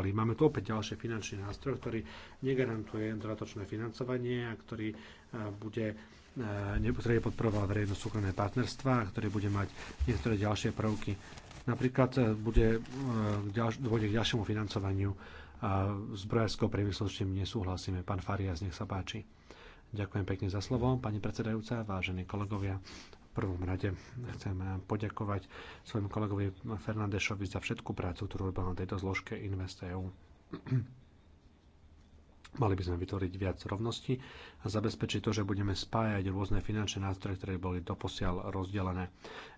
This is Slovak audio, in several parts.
Ale máme tu opäť ďalší finančný nástroj, ktorý negarantuje dodatočné financovanie a ktorý e, bude e, nepotrebne podporovať verejno-súkromné partnerstva ktoré bude mať niektoré ďalšie prvky. Napríklad e, bude dôjde k ďalšiemu financovaniu zbrojárskeho priemyslu, s čím nesúhlasíme. Pán Farias, nech sa páči. Ďakujem pekne za slovo, pani predsedajúca, vážení kolegovia prvom rade chcem poďakovať svojmu kolegovi Fernandešovi za všetku prácu, ktorú robil na tejto zložke InvestEU. Mali by sme vytvoriť viac rovnosti a zabezpečiť to, že budeme spájať rôzne finančné nástroje, ktoré boli doposiaľ rozdelené.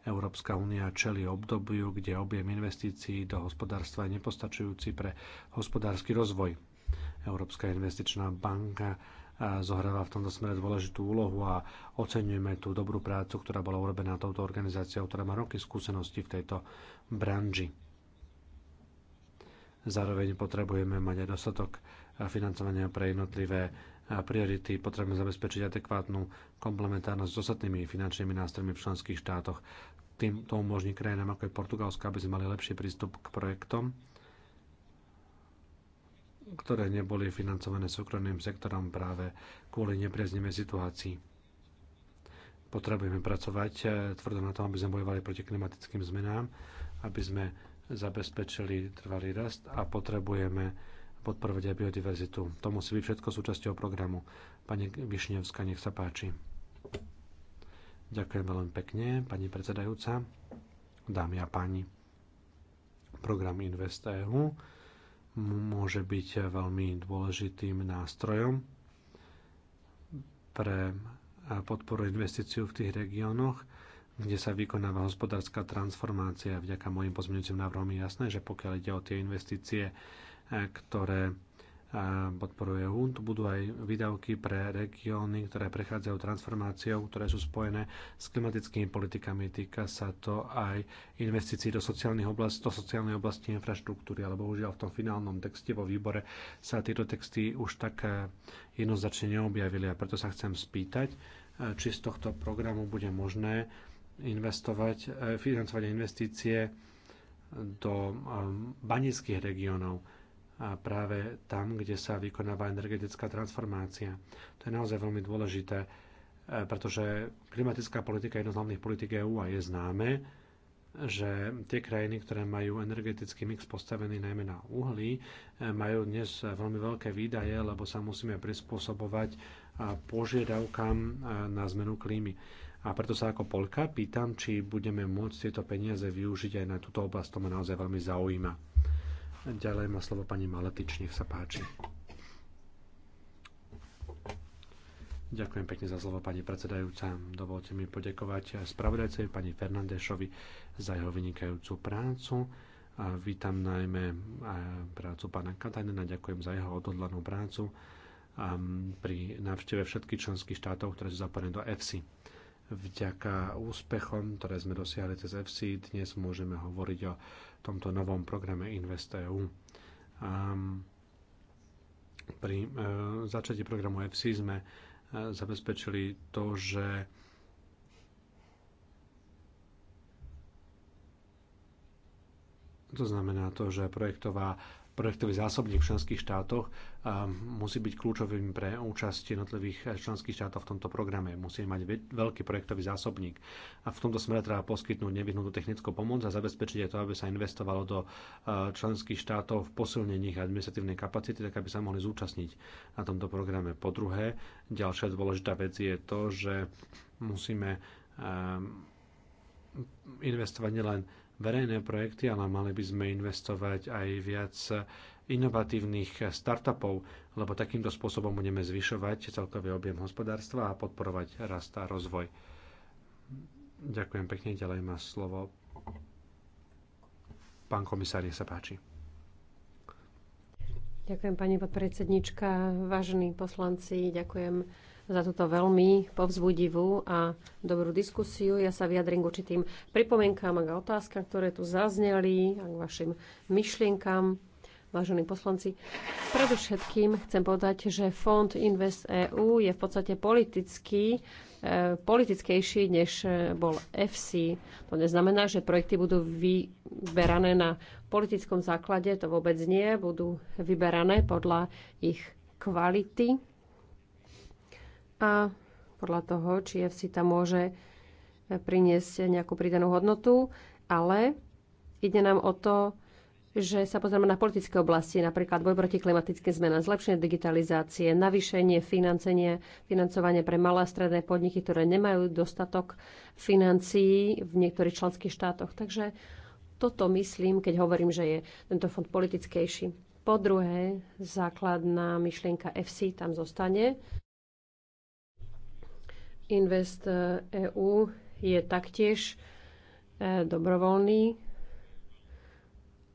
Európska únia čeli obdobiu, kde objem investícií do hospodárstva je nepostačujúci pre hospodársky rozvoj. Európska investičná banka zohráva v tomto smere dôležitú úlohu a oceňujeme tú dobrú prácu, ktorá bola urobená touto organizáciou, ktorá má roky skúsenosti v tejto branži. Zároveň potrebujeme mať aj dostatok financovania pre jednotlivé priority. Potrebujeme zabezpečiť adekvátnu komplementárnosť s ostatnými finančnými nástrojmi v členských štátoch. Tým to umožní krajinám ako je Portugalsko, aby sme mali lepší prístup k projektom ktoré neboli financované súkromným sektorom práve kvôli nepriaznivej situácii. Potrebujeme pracovať eh, tvrdo na tom, aby sme bojovali proti klimatickým zmenám, aby sme zabezpečili trvalý rast a potrebujeme podporovať aj biodiverzitu. To musí byť všetko súčasťou programu. Pani Višňovská, nech sa páči. Ďakujem veľmi pekne, pani predsedajúca, dámy a páni. Program EU môže byť veľmi dôležitým nástrojom pre podporu investíciu v tých regiónoch, kde sa vykonáva hospodárska transformácia. Vďaka mojim pozmeňujúcim návrhom je jasné, že pokiaľ ide o tie investície, ktoré podporuje HUN. Tu budú aj výdavky pre regióny, ktoré prechádzajú transformáciou, ktoré sú spojené s klimatickými politikami. Týka sa to aj investícií do, sociálnych oblast, do sociálnej oblasti infraštruktúry, ale bohužiaľ v tom finálnom texte vo výbore sa tieto texty už tak eh, jednoznačne neobjavili a preto sa chcem spýtať, eh, či z tohto programu bude možné investovať, eh, financovať investície do banických regiónov a práve tam, kde sa vykonáva energetická transformácia. To je naozaj veľmi dôležité, e, pretože klimatická politika je jedna z hlavných politik EÚ a je známe, že tie krajiny, ktoré majú energetický mix postavený najmä na uhlí, e, majú dnes veľmi veľké výdaje, lebo sa musíme prispôsobovať e, požiadavkám na zmenu klímy. A preto sa ako Polka pýtam, či budeme môcť tieto peniaze využiť aj na túto oblasť. To ma naozaj veľmi zaujíma. Ďalej má slovo pani Maletič, nech sa páči. Ďakujem pekne za slovo, pani predsedajúca. Dovolte mi poďakovať spravodajcovi pani Fernandešovi za jeho vynikajúcu prácu. A vítam najmä prácu pána Katajnena, ďakujem za jeho odhodlanú prácu pri návšteve všetkých členských štátov, ktoré sú zapojené do EFSI. Vďaka úspechom, ktoré sme dosiahli cez EFSI, dnes môžeme hovoriť o tomto novom programe InvestEU. Pri e, začatí programu EFSI sme e, zabezpečili to, že to znamená to, že projektová projektový zásobník v členských štátoch musí byť kľúčovým pre účasť jednotlivých členských štátov v tomto programe. Musí mať veľký projektový zásobník. A v tomto smere treba poskytnúť nevyhnutú technickú pomoc a zabezpečiť aj to, aby sa investovalo do členských štátov v posilnení ich administratívnej kapacity, tak aby sa mohli zúčastniť na tomto programe. Po druhé, ďalšia dôležitá vec je to, že musíme investovať nielen verejné projekty, ale mali by sme investovať aj viac inovatívnych startupov, lebo takýmto spôsobom budeme zvyšovať celkový objem hospodárstva a podporovať rast a rozvoj. Ďakujem pekne, ďalej má slovo pán komisár, nech sa páči. Ďakujem, pani podpredsednička, vážení poslanci, ďakujem za túto veľmi povzbudivú a dobrú diskusiu. Ja sa vyjadrím k určitým pripomienkám a otázkam, ktoré tu zazneli a k vašim myšlienkam, vážení poslanci. Predovšetkým chcem povedať, že fond Invest EU je v podstate politický, e, politickejší, než e, bol FC. To neznamená, že projekty budú vyberané na politickom základe, to vôbec nie, budú vyberané podľa ich kvality a podľa toho, či FC tam môže eh, priniesť nejakú pridanú hodnotu, ale ide nám o to, že sa pozrieme na politické oblasti, napríklad boj proti klimatickým zmenám, zlepšenie digitalizácie, navýšenie financenie, financovanie pre malé a stredné podniky, ktoré nemajú dostatok financií v niektorých členských štátoch. Takže toto myslím, keď hovorím, že je tento fond politickejší. Po druhé, základná myšlienka FC tam zostane. Invest EU eh, e je taktiež eh, dobrovoľný,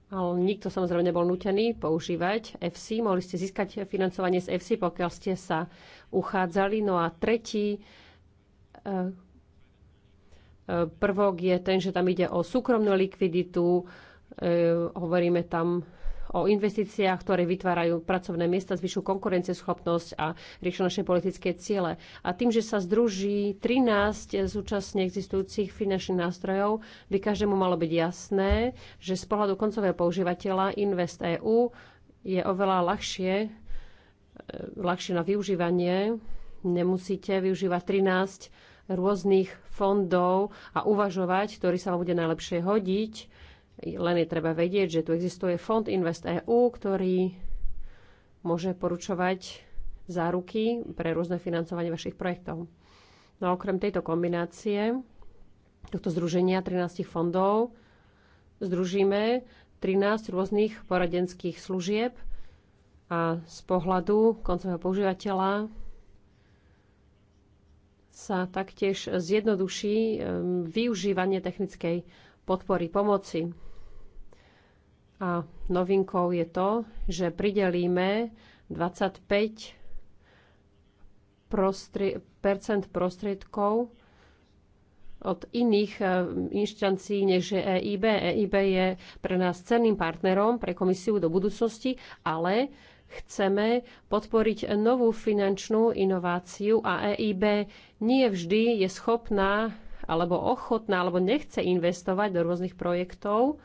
ale nikto samozrejme nebol nutený používať FC. Mohli ste získať financovanie z FC, pokiaľ ste sa uchádzali. No a tretí eh, prvok je ten, že tam ide o súkromnú likviditu. Hovoríme tam o investíciách, ktoré vytvárajú pracovné miesta, zvyšujú konkurencieschopnosť a riešia naše politické ciele. A tým, že sa združí 13 súčasne existujúcich finančných nástrojov, by každému malo byť jasné, že z pohľadu koncového používateľa Invest EU je oveľa ľahšie, e, ľahšie na využívanie. Nemusíte využívať 13 rôznych fondov a uvažovať, ktorý sa vám bude najlepšie hodiť len je treba vedieť, že tu existuje fond InvestEU, ktorý môže poručovať záruky pre rôzne financovanie vašich projektov. No a okrem tejto kombinácie, tohto združenia 13 fondov, združíme 13 rôznych poradenských služieb a z pohľadu koncového používateľa sa taktiež zjednoduší ehm, využívanie technickej podpory pomoci. A novinkou je to, že pridelíme 25 prostri- percent prostriedkov od iných e, inštancií, než je EIB. EIB je pre nás cenným partnerom pre komisiu do budúcnosti, ale chceme podporiť novú finančnú inováciu a EIB nie vždy je schopná alebo ochotná alebo nechce investovať do rôznych projektov,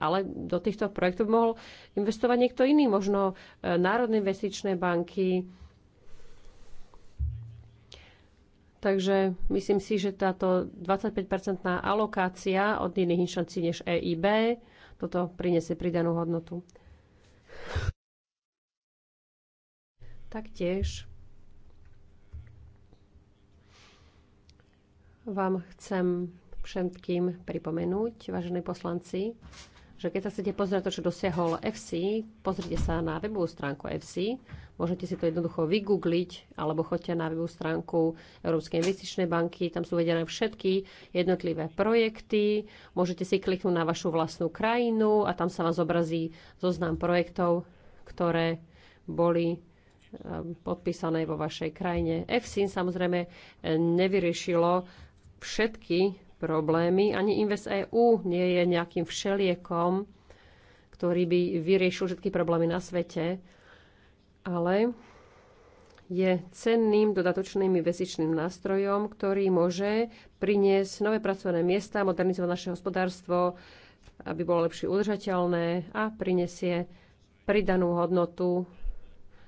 ale do týchto projektov mohol investovať niekto iný, možno e, národné investičné banky. Takže myslím si, že táto 25-percentná alokácia od iných inštancií než EIB toto priniesie pridanú hodnotu. Taktiež vám chcem všetkým pripomenúť, vážení poslanci, že keď sa chcete pozrieť to, čo dosiahol FC, pozrite sa na webovú stránku FC, môžete si to jednoducho vygoogliť, alebo choďte na webovú stránku Európskej investičnej banky, tam sú vedené všetky jednotlivé projekty, môžete si kliknúť na vašu vlastnú krajinu a tam sa vám zobrazí zoznam projektov, ktoré boli eh, podpísané vo vašej krajine. EFSIN samozrejme eh, nevyriešilo všetky problémy. Ani Invest EU nie je nejakým všeliekom, ktorý by vyriešil všetky problémy na svete, ale je cenným dodatočným investičným nástrojom, ktorý môže priniesť nové pracovné miesta, modernizovať naše hospodárstvo, aby bolo lepšie udržateľné a prinesie pridanú hodnotu,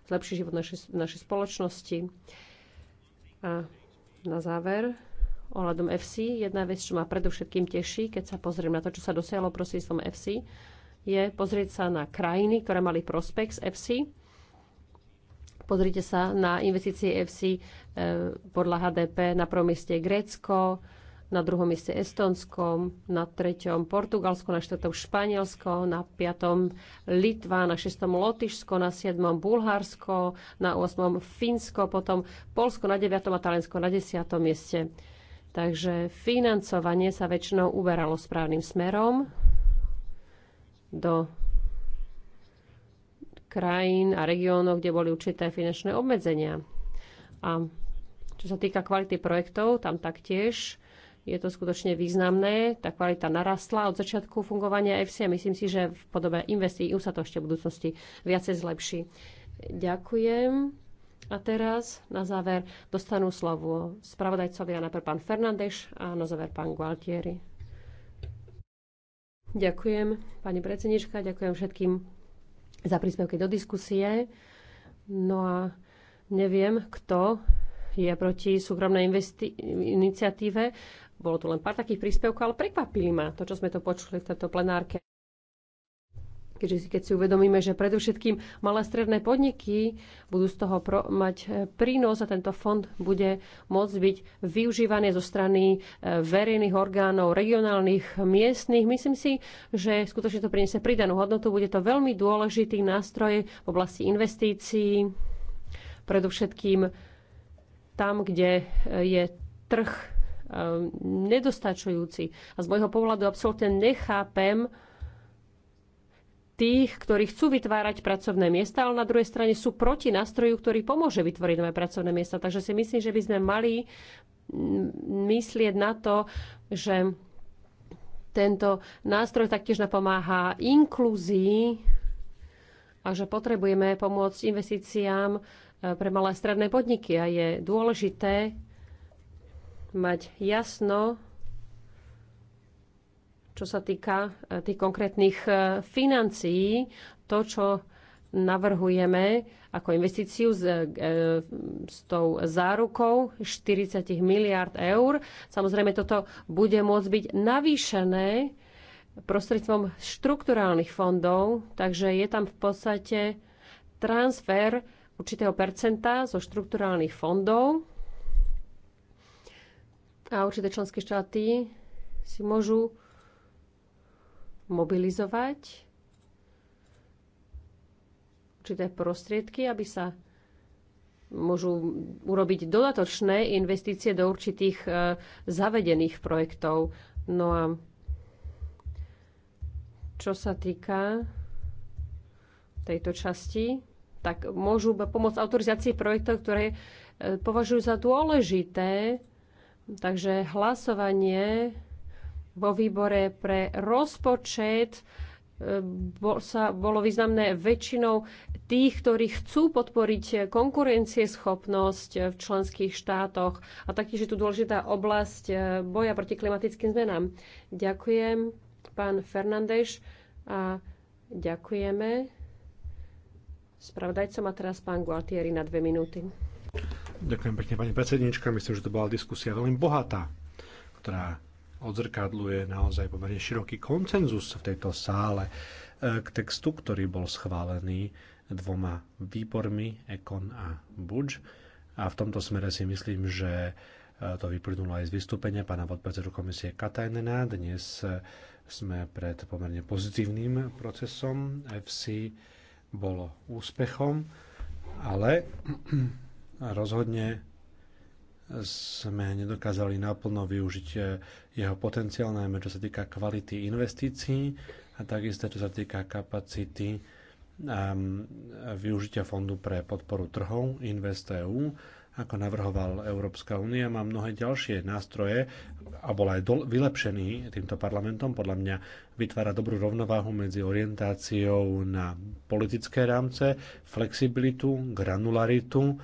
zlepší život našej, našej spoločnosti. A na záver ohľadom FC. Jedna vec, čo ma predovšetkým teší, keď sa pozriem na to, čo sa dosialo prostredstvom FC, je pozrieť sa na krajiny, ktoré mali prospekt z FC. Pozrite sa na investície FC eh, podľa HDP. Na prvom mieste je Grécko, na druhom mieste Estonsko, na treťom Portugalsko, na štvrtom Španielsko, na piatom Litva, na šestom Lotyšsko, na siedmom Bulharsko, na osmom Fínsko, potom Polsko na deviatom a Talensko na desiatom mieste. Takže financovanie sa väčšinou uberalo správnym smerom do krajín a regiónov, kde boli určité finančné obmedzenia. A čo sa týka kvality projektov, tam taktiež je to skutočne významné. Tá kvalita narastla od začiatku fungovania EFSI a myslím si, že v podobe investícií sa to ešte v budúcnosti viacej zlepší. Ďakujem. A teraz na záver dostanú slovo spravodajcovia najprv pán Fernandeš a na záver pán Gualtieri. Ďakujem, pani predsednička, ďakujem všetkým za príspevky do diskusie. No a neviem, kto je proti súkromnej iniciatíve. Bolo tu len pár takých príspevkov, ale prekvapili ma to, čo sme to počuli v tejto plenárke keďže si, keď si uvedomíme, že predovšetkým malé stredné podniky budú z toho pro, mať e, prínos a tento fond bude môcť byť využívaný zo strany e, verejných orgánov, regionálnych, miestnych. Myslím si, že skutočne to priniesie pridanú hodnotu. Bude to veľmi dôležitý nástroj v oblasti investícií, predovšetkým tam, kde e, je trh nedostačujúci. A z môjho pohľadu absolútne nechápem, tých, ktorí chcú vytvárať pracovné miesta, ale na druhej strane sú proti nástroju, ktorý pomôže vytvoriť nové pracovné miesta. Takže si myslím, že by sme mali myslieť na to, že tento nástroj taktiež napomáha inklúzii a že potrebujeme pomôcť investíciám e, pre malé stredné podniky a je dôležité mať jasno čo sa týka e, tých konkrétnych e, financií, to, čo navrhujeme ako investíciu s, e, e s tou zárukou 40 miliard eur. Samozrejme, toto bude môcť byť navýšené prostredstvom štrukturálnych fondov, takže je tam v podstate transfer určitého percenta zo štrukturálnych fondov a určité členské štáty si môžu mobilizovať určité prostriedky, aby sa môžu urobiť dodatočné investície do určitých e, zavedených projektov. No a čo sa týka tejto časti, tak môžu pomôcť autorizácii projektov, ktoré e, považujú za dôležité. Takže hlasovanie vo výbore pre rozpočet e, bol, sa, bolo významné väčšinou tých, ktorí chcú podporiť konkurencieschopnosť v členských štátoch a taktiež je tu dôležitá oblasť e, boja proti klimatickým zmenám. Ďakujem, pán Fernandeš a ďakujeme. Spravodajcom má teraz pán Gualtieri na dve minúty. Ďakujem pekne, pani predsednička. Myslím, že to bola diskusia veľmi bohatá, ktorá odzrkadluje naozaj pomerne široký koncenzus v tejto sále e, k textu, ktorý bol schválený dvoma výbormi, Ekon a buč. A v tomto smere si myslím, že e, to vyplynulo aj z vystúpenia pána podpredsedu komisie Katajnena. Dnes e, sme pred pomerne pozitívnym procesom. FC bolo úspechom, ale rozhodne sme nedokázali naplno využiť eh, jeho potenciál, najmä čo sa týka kvality investícií a takisto čo sa týka kapacity ehm, využitia fondu pre podporu trhov InvestEU, ako navrhoval Európska únia, má mnohé ďalšie nástroje a bol aj do, vylepšený týmto parlamentom. Podľa mňa vytvára dobrú rovnováhu medzi orientáciou na politické rámce, flexibilitu, granularitu,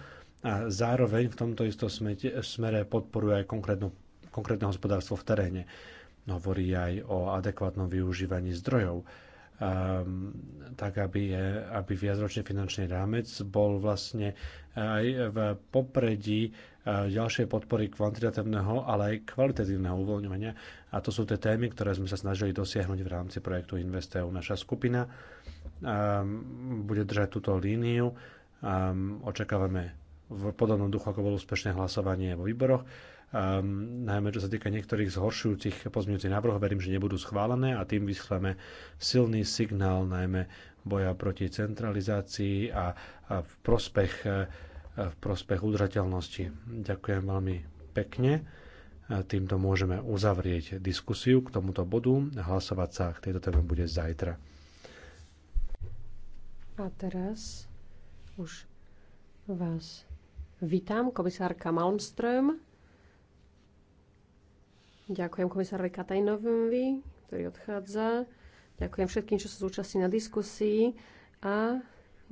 a zároveň v tomto istom smere podporuje aj konkrétne hospodárstvo v teréne. Hovorí aj o adekvátnom využívaní zdrojov, um, tak aby, aby viacročný finančný rámec bol vlastne e, aj v popredí e, ďalšej podpory kvantitatívneho, ale aj kvalitatívneho uvoľňovania. A to sú tie témy, ktoré sme sa snažili dosiahnuť v rámci projektu Investeu. Naša skupina um, bude držať túto líniu. Um, očakávame v podobnom duchu, ako bolo úspešné hlasovanie vo výboroch. Um, najmä čo sa týka niektorých zhoršujúcich pozmeňujúcich návrhov, verím, že nebudú schválené a tým vysleme silný signál najmä boja proti centralizácii a, a v, prospech, a e, v prospech udržateľnosti. Ďakujem veľmi pekne. A týmto môžeme uzavrieť diskusiu k tomuto bodu. Hlasovať sa k tejto téme bude zajtra. A teraz už vás Vítam komisárka Malmström. Ďakujem komisárovi Katajnovi, ktorý odchádza. Ďakujem všetkým, čo sa zúčastní na diskusii. A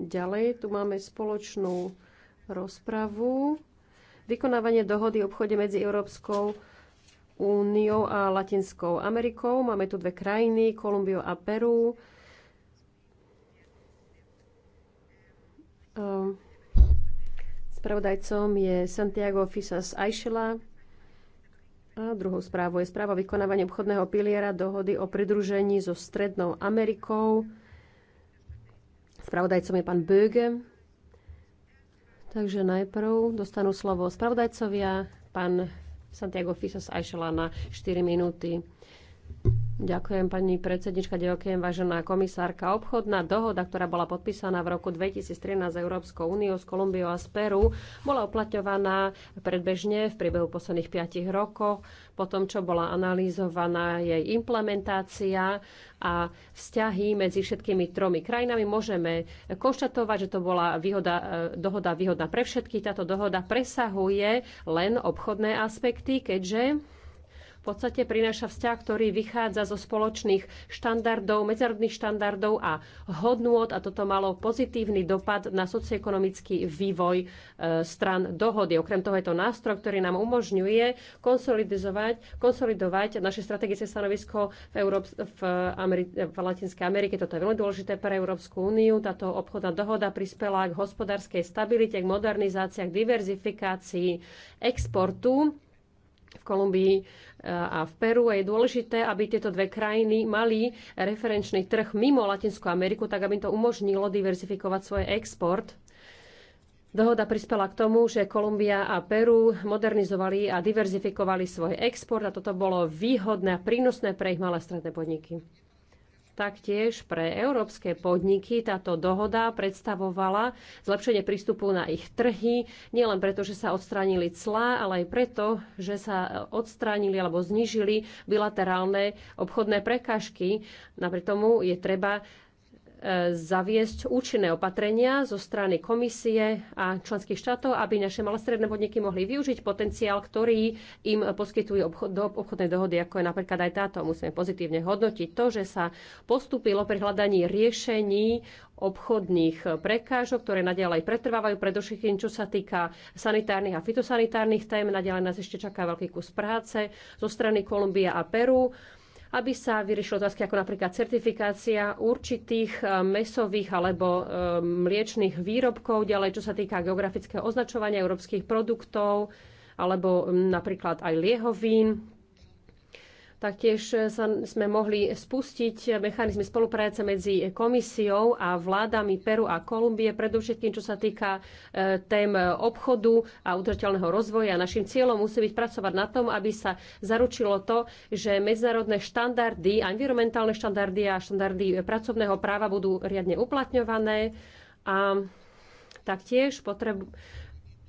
ďalej tu máme spoločnú rozpravu. Vykonávanie dohody o obchode medzi Európskou úniou a Latinskou Amerikou. Máme tu dve krajiny, Kolumbiu a Peru. Ehm, Spravodajcom je Santiago Fisas Aishela. A druhou správou je správa vykonávania obchodného piliera dohody o pridružení so Strednou Amerikou. Spravodajcom je pán Böge. Takže najprv dostanú slovo spravodajcovia, pán Santiago Fisas Aishela na 4 minúty. Ďakujem pani predsednička, ďakujem vážená komisárka. Obchodná dohoda, ktorá bola podpísaná v roku 2013 s Európskou úniou, s Kolumbiou a z Peru, bola uplatňovaná predbežne v priebehu posledných 5 rokov, po tom, čo bola analýzovaná jej implementácia a vzťahy medzi všetkými tromi krajinami. Môžeme konštatovať, že to bola výhoda, e, dohoda výhodná pre všetky. Táto dohoda presahuje len obchodné aspekty, keďže podstate prináša vzťah, ktorý vychádza zo spoločných štandardov, medzinárodných štandardov a hodnôt a toto malo pozitívny dopad na socioekonomický vývoj e, stran dohody. Okrem toho je to nástroj, ktorý nám umožňuje konsolidizovať, konsolidovať naše strategické stanovisko v, Európs- v, Ameri- v Latinskej Amerike. Toto je veľmi dôležité pre Európsku úniu. Táto obchodná dohoda prispela k hospodárskej stabilite, k modernizácii, k diverzifikácii exportu v Kolumbii e, a v Peru. A je dôležité, aby tieto dve krajiny mali referenčný trh mimo Latinskú Ameriku, tak aby to umožnilo diverzifikovať svoj export. Dohoda prispela k tomu, že Kolumbia a Peru modernizovali a diverzifikovali svoj export a toto bolo výhodné a prínosné pre ich malé stredné podniky. Taktiež pre európske podniky táto dohoda predstavovala zlepšenie prístupu na ich trhy, nielen preto, že sa odstránili clá, ale aj preto, že sa odstránili alebo znižili bilaterálne obchodné prekážky. Napriek tomu je treba E, zaviesť účinné opatrenia zo strany komisie a členských štátov, aby naše malostredné podniky mohli využiť potenciál, ktorý im poskytujú obchod, do, obchodné dohody, ako je napríklad aj táto. Musíme pozitívne hodnotiť to, že sa postúpilo pri hľadaní riešení obchodných prekážok, ktoré nadalej pretrvávajú, predovšetkým čo sa týka sanitárnych a fitosanitárnych tém. Naďalej nás ešte čaká veľký kus práce zo strany Kolumbia a Peru aby sa vyriešili otázky ako napríklad certifikácia určitých eh, mesových alebo eh, mliečných výrobkov, ďalej čo sa týka geografického označovania európskych produktov alebo mm, napríklad aj liehovín Taktiež e, sa, sme mohli spustiť mechanizmy spolupráce medzi komisiou a vládami Peru a Kolumbie, predovšetkým čo sa týka e, tém obchodu a udržateľného rozvoja. Našim cieľom musí byť pracovať na tom, aby sa zaručilo to, že medzinárodné štandardy, environmentálne štandardy a štandardy pracovného práva budú riadne uplatňované. A taktiež potreb,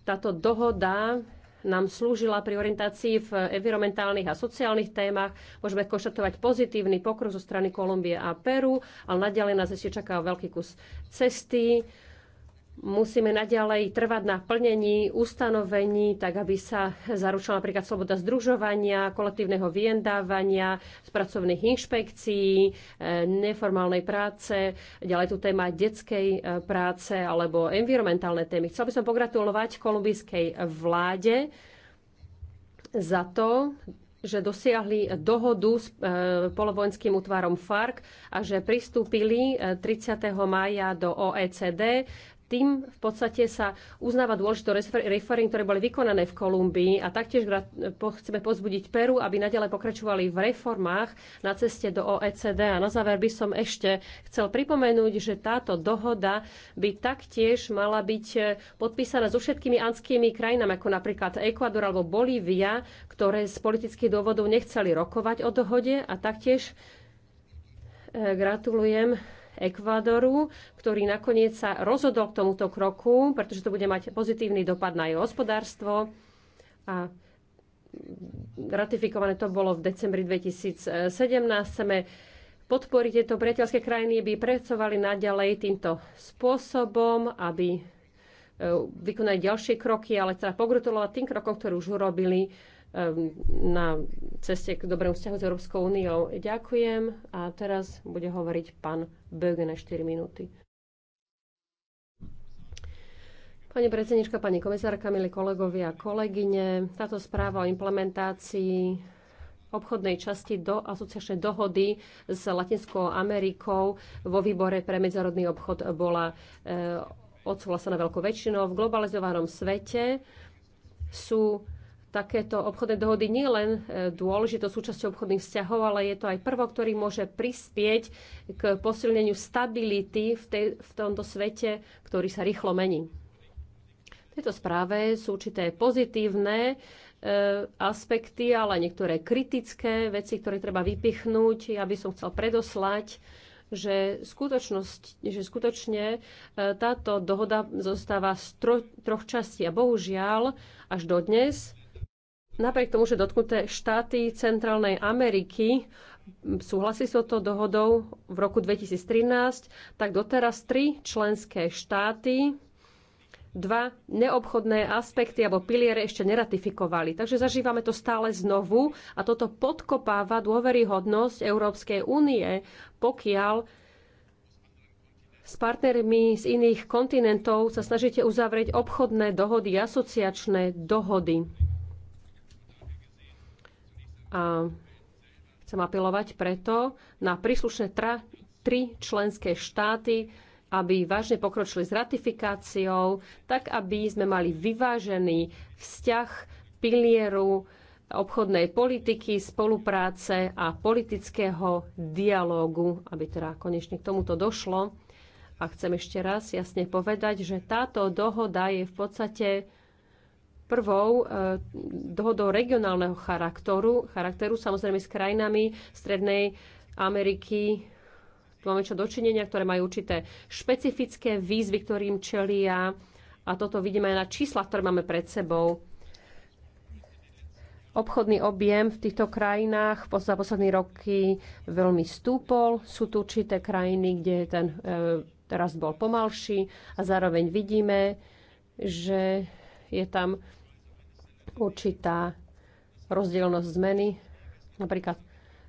táto dohoda nám slúžila pri orientácii v environmentálnych a sociálnych témach. Môžeme konštatovať pozitívny pokrok zo strany Kolumbie a Peru, ale naďalej nás ešte čaká veľký kus cesty musíme naďalej trvať na plnení ustanovení, tak aby sa zaručila napríklad sloboda združovania, kolektívneho vyendávania, z pracovných inšpekcií, e, neformálnej práce, ďalej tu téma detskej e, práce alebo environmentálne témy. Chcel by som pogratulovať kolumbijskej vláde za to, že dosiahli dohodu s e, polovojenským útvarom FARC a že pristúpili 30. maja do OECD tým v podstate sa uznáva dôležité reformy, ktoré boli vykonané v Kolumbii a taktiež chceme pozbudiť Peru, aby nadalej pokračovali v reformách na ceste do OECD. A na záver by som ešte chcel pripomenúť, že táto dohoda by taktiež mala byť eh, podpísaná so všetkými anskými krajinami, ako napríklad Ekvador alebo Bolívia, ktoré z politických dôvodov nechceli rokovať o dohode a taktiež eh, gratulujem Ekvadoru, ktorý nakoniec sa rozhodol k tomuto kroku, pretože to bude mať pozitívny dopad na jeho hospodárstvo. A ratifikované to bolo v decembri 2017. Chceme podporiť tieto priateľské krajiny, aby pracovali naďalej týmto spôsobom, aby e, vykonali ďalšie kroky, ale teda pogratulovať tým krokom, ktoré už urobili na ceste k dobrému vzťahu s Európskou úniou. Ďakujem a teraz bude hovoriť pán Böge na 4 minúty. Pani predsednička, pani komisárka, milí kolegovia a kolegyne, táto správa o implementácii obchodnej časti do asociačnej dohody s Latinskou Amerikou vo výbore pre medzinárodný obchod bola e, odsúhlasená veľkou väčšinou. V globalizovanom svete sú takéto obchodné dohody nie len e, dôležitou súčasťou obchodných vzťahov, ale je to aj prvo, ktorý môže prispieť k posilneniu stability v, tej, v tomto svete, ktorý sa rýchlo mení. V tejto správe sú určité pozitívne e, aspekty, ale niektoré kritické veci, ktoré treba vypichnúť. Ja by som chcel predoslať, že, skutočnosť, že skutočne e, táto dohoda zostáva z tro, troch častí a bohužiaľ až dodnes napriek tomu, že dotknuté štáty Centrálnej Ameriky súhlasí s touto dohodou v roku 2013, tak doteraz tri členské štáty dva neobchodné aspekty alebo piliere ešte neratifikovali. Takže zažívame to stále znovu a toto podkopáva dôveryhodnosť Európskej únie, pokiaľ s partnermi z iných kontinentov sa snažíte uzavrieť obchodné dohody, asociačné dohody. A chcem apelovať preto na príslušné tra, tri členské štáty, aby vážne pokročili s ratifikáciou, tak aby sme mali vyvážený vzťah pilieru obchodnej politiky, spolupráce a politického dialógu, aby teda konečne k tomuto došlo. A chcem ešte raz jasne povedať, že táto dohoda je v podstate prvou e, dohodou regionálneho charakteru, charakteru samozrejme s krajinami Strednej Ameriky. Tu máme čo dočinenia, ktoré majú určité špecifické výzvy, ktorým čelia. A toto vidíme aj na číslach, ktoré máme pred sebou. Obchodný objem v týchto krajinách za posledné roky veľmi stúpol. Sú tu určité krajiny, kde ten e, rast bol pomalší a zároveň vidíme, že je tam určitá rozdielnosť zmeny. Napríklad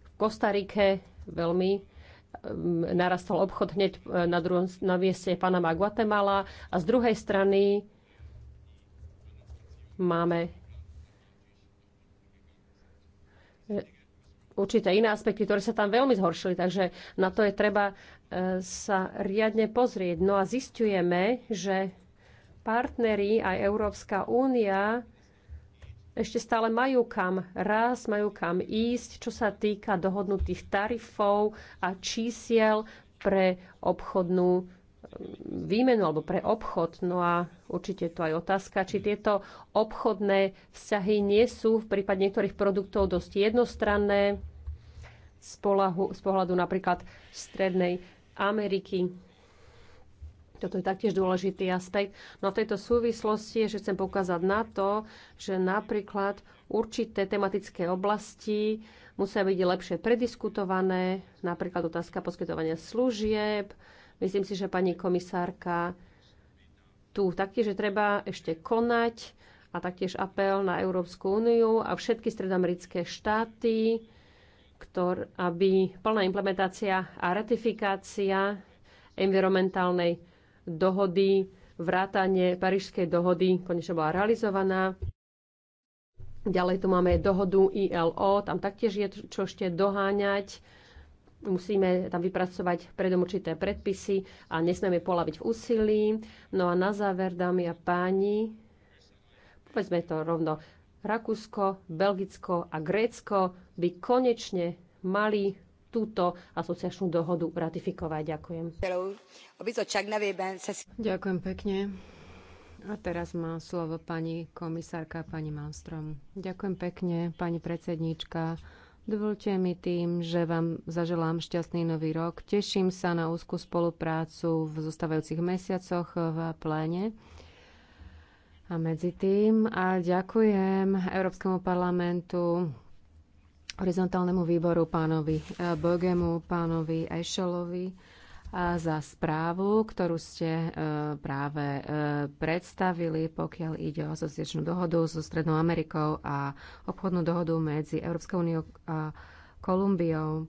v Kostarike veľmi mm, narastol obchod hneď e, na druhom na mieste Panama Guatemala a z druhej strany máme e, určité iné aspekty, ktoré sa tam veľmi zhoršili, takže na to je treba e, sa riadne pozrieť. No a zistujeme, že partneri aj Európska únia ešte stále majú kam raz, majú kam ísť, čo sa týka dohodnutých tarifov a čísiel pre obchodnú mm, výmenu alebo pre obchod. No a určite je to aj otázka, či tieto obchodné vzťahy nie sú v prípade niektorých produktov dosť jednostranné z, pohľadu, z pohľadu napríklad Strednej Ameriky. Toto je taktiež dôležitý aspekt. No v tejto súvislosti ešte chcem poukázať na to, že napríklad určité tematické oblasti musia byť lepšie prediskutované, napríklad otázka poskytovania služieb. Myslím si, že pani komisárka tu taktiež že treba ešte konať a taktiež apel na Európsku úniu a všetky stredamerické štáty, ktor, aby plná implementácia a ratifikácia environmentálnej dohody, vrátanie Parížskej dohody konečne bola realizovaná. Ďalej tu máme dohodu ILO, tam taktiež je čo ešte doháňať. Musíme tam vypracovať predom určité predpisy a nesmieme polaviť v úsilí. No a na záver, dámy a páni, povedzme to rovno, Rakúsko, Belgicko a Grécko by konečne mali túto asociačnú dohodu ratifikovať. Ďakujem. Ďakujem pekne. A teraz má slovo pani komisárka, pani Malmström. Ďakujem pekne, pani predsedníčka. Dovolte mi tým, že vám zaželám šťastný nový rok. Teším sa na úzkú spoluprácu v zostávajúcich mesiacoch v pléne. A medzi tým a ďakujem Európskemu parlamentu, horizontálnemu výboru pánovi e, Bogemu, pánovi Ešolovi e, za správu, ktorú ste e, práve predstavili, pokiaľ ide o asociačnú dohodu so Strednou Amerikou a obchodnú dohodu medzi Európskou úniou a Kolumbiou.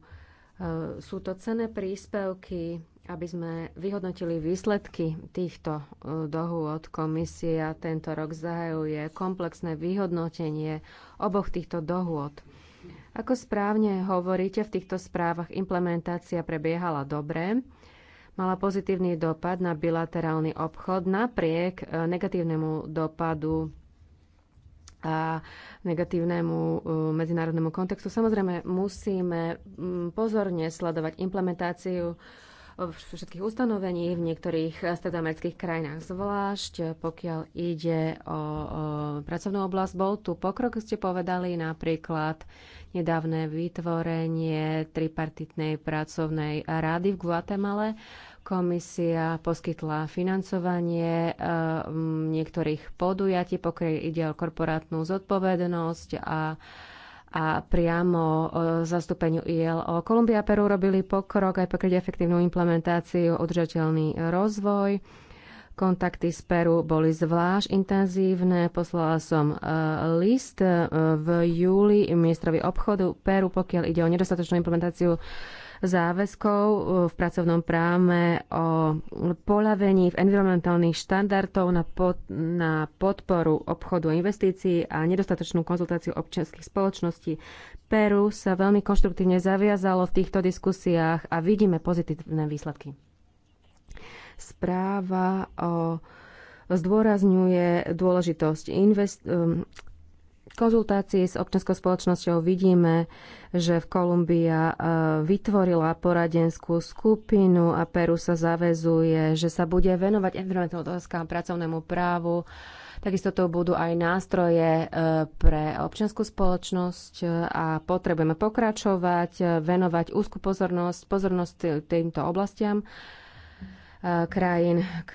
Sú to cenné príspevky, aby sme vyhodnotili výsledky týchto dohôd. Komisia tento rok zahajuje komplexné vyhodnotenie oboch týchto dohôd. Ako správne hovoríte, v týchto správach implementácia prebiehala dobre, mala pozitívny dopad na bilaterálny obchod napriek e, negatívnemu dopadu a negatívnemu e, medzinárodnému kontextu. Samozrejme, musíme pozorne sledovať implementáciu všetkých ustanovení v niektorých stredoamerických krajinách, zvlášť pokiaľ ide o, o pracovnú oblasť. Bol tu pokrok, ste povedali, napríklad nedávne vytvorenie tripartitnej pracovnej rady v Guatemale. Komisia poskytla financovanie e, niektorých podujatí, pokiaľ ide o korporátnu zodpovednosť a a priamo e, zastúpeniu ILO. Kolumbia a Peru robili pokrok aj pokryť efektívnu implementáciu, udržateľný rozvoj. Kontakty z Peru boli zvlášť intenzívne. Poslala som e, list e, v júli ministrovi obchodu Peru, pokiaľ ide o nedostatočnú implementáciu záväzkov e, v pracovnom práme o polavení v environmentálnych štandardov na, pod, na podporu obchodu a investícií a nedostatočnú konzultáciu občianských spoločností. Peru sa veľmi konštruktívne zaviazalo v týchto diskusiách a vidíme pozitívne výsledky. Správa o zdôrazňuje dôležitosť invest, konzultácii s občanskou spoločnosťou vidíme, že v Kolumbia e, vytvorila poradenskú skupinu a Peru sa zavezuje, že sa bude venovať environmentálnym otázkam pracovnému právu. Takisto to budú aj nástroje e, pre občianskú spoločnosť a potrebujeme pokračovať, e, venovať úzku pozornosť, pozornosť týmto oblastiam krajín k,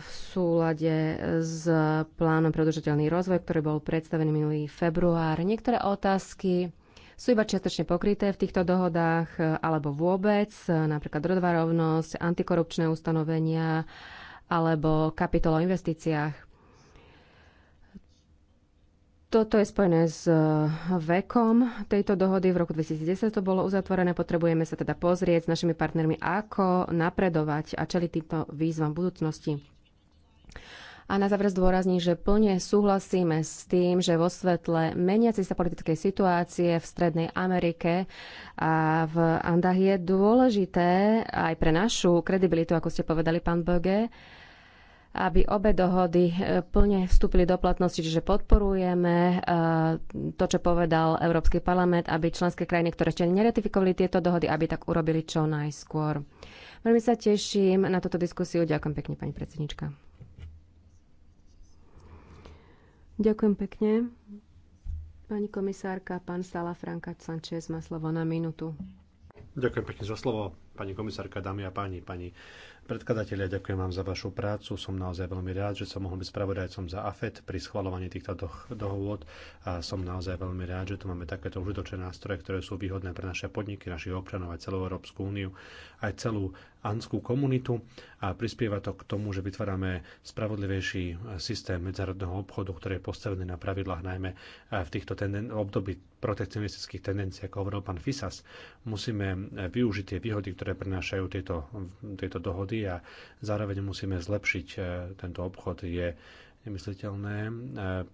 v súlade s plánom predlžiteľný rozvoj, ktorý bol predstavený minulý február. Niektoré otázky sú iba čiastočne pokryté v týchto dohodách alebo vôbec, napríklad rodová rovnosť, antikorupčné ustanovenia alebo kapitola o investíciách. Toto je spojené s eh, vekom tejto dohody. V roku 2010 to bolo uzatvorené. Potrebujeme sa teda pozrieť s našimi partnermi, ako napredovať a čeliť týmto výzvam v budúcnosti. A na záver zdôrazní, že plne súhlasíme s tým, že vo svetle meniacej sa politickej situácie v Strednej Amerike a v Andách je dôležité aj pre našu kredibilitu, ako ste povedali, pán Böge, aby obe dohody e, plne vstúpili do platnosti, čiže podporujeme e, to, čo povedal Európsky parlament, aby členské krajiny, ktoré ešte neratifikovali tieto dohody, aby tak urobili čo najskôr. Veľmi sa teším na túto diskusiu. Ďakujem pekne, pani predsednička. Ďakujem pekne. Pani komisárka, pán Sala Franka Sanchez má slovo na minútu. Ďakujem pekne za slovo, pani komisárka, dámy a páni, pani predkladatelia, ďakujem vám za vašu prácu. Som naozaj veľmi rád, že som mohol byť spravodajcom za AFET pri schvalovaní týchto dohôd a som naozaj veľmi rád, že tu máme takéto užitočné nástroje, ktoré sú výhodné pre naše podniky, našich občanov aj celú Európsku úniu, aj celú anskú komunitu a prispieva to k tomu, že vytvárame spravodlivejší systém medzárodného obchodu, ktorý je postavený na pravidlách najmä e, v týchto tenden- období protekcionistických tendencií, ako hovoril pán Fisas. Musíme e, využiť tie výhody, ktoré prinášajú tieto, tieto dohody a zároveň musíme zlepšiť e, tento obchod. Je nemysliteľné e,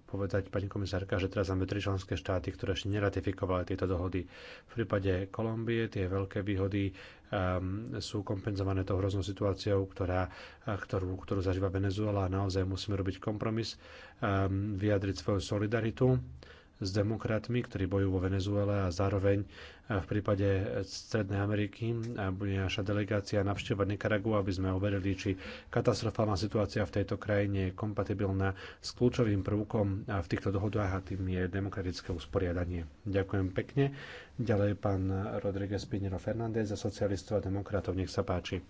povedať, pani komisárka, že teraz máme tri členské štáty, ktoré ešte neratifikovali tieto dohody. V prípade Kolumbie tie veľké výhody um, sú kompenzované tou hroznou situáciou, ktorá, e, ktorú, ktorú zažíva Venezuela a naozaj musíme robiť kompromis, um, vyjadriť svoju solidaritu s demokratmi, ktorí bojujú vo Venezuele a zároveň v prípade Strednej Ameriky bude naša delegácia navštevovať Nikaragu, aby sme overili, či katastrofálna situácia v tejto krajine je kompatibilná s kľúčovým prvkom v týchto dohodách a tým je demokratické usporiadanie. Ďakujem pekne. Ďalej pán Rodríguez Pinero Fernández za socialistov a demokratov. Nech sa páči.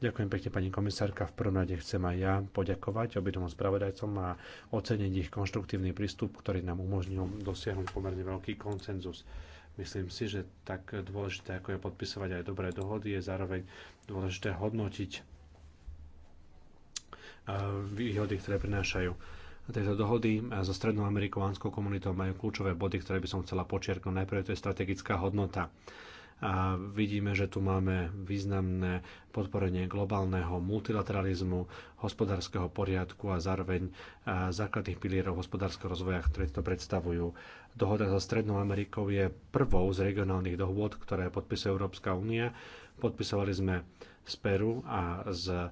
Ďakujem pekne, pani komisárka. V prvom rade chcem aj ja poďakovať obidvom spravodajcom a oceniť ich konštruktívny prístup, ktorý nám umožnil dosiahnuť pomerne veľký koncenzus. Myslím si, že tak dôležité, ako je podpisovať aj dobré dohody, je zároveň dôležité hodnotiť e, výhody, ktoré prinášajú tejto dohody so Strednou amerikánskou komunitou majú kľúčové body, ktoré by som chcela počiarknúť. Najprv to je strategická hodnota a vidíme, že tu máme významné podporenie globálneho multilateralizmu, hospodárskeho poriadku a zároveň základných pilierov hospodárskeho rozvoja, ktoré to predstavujú. Dohoda so Strednou Amerikou je prvou z regionálnych dohôd, ktoré podpisuje Európska únia. Podpisovali sme z Peru a z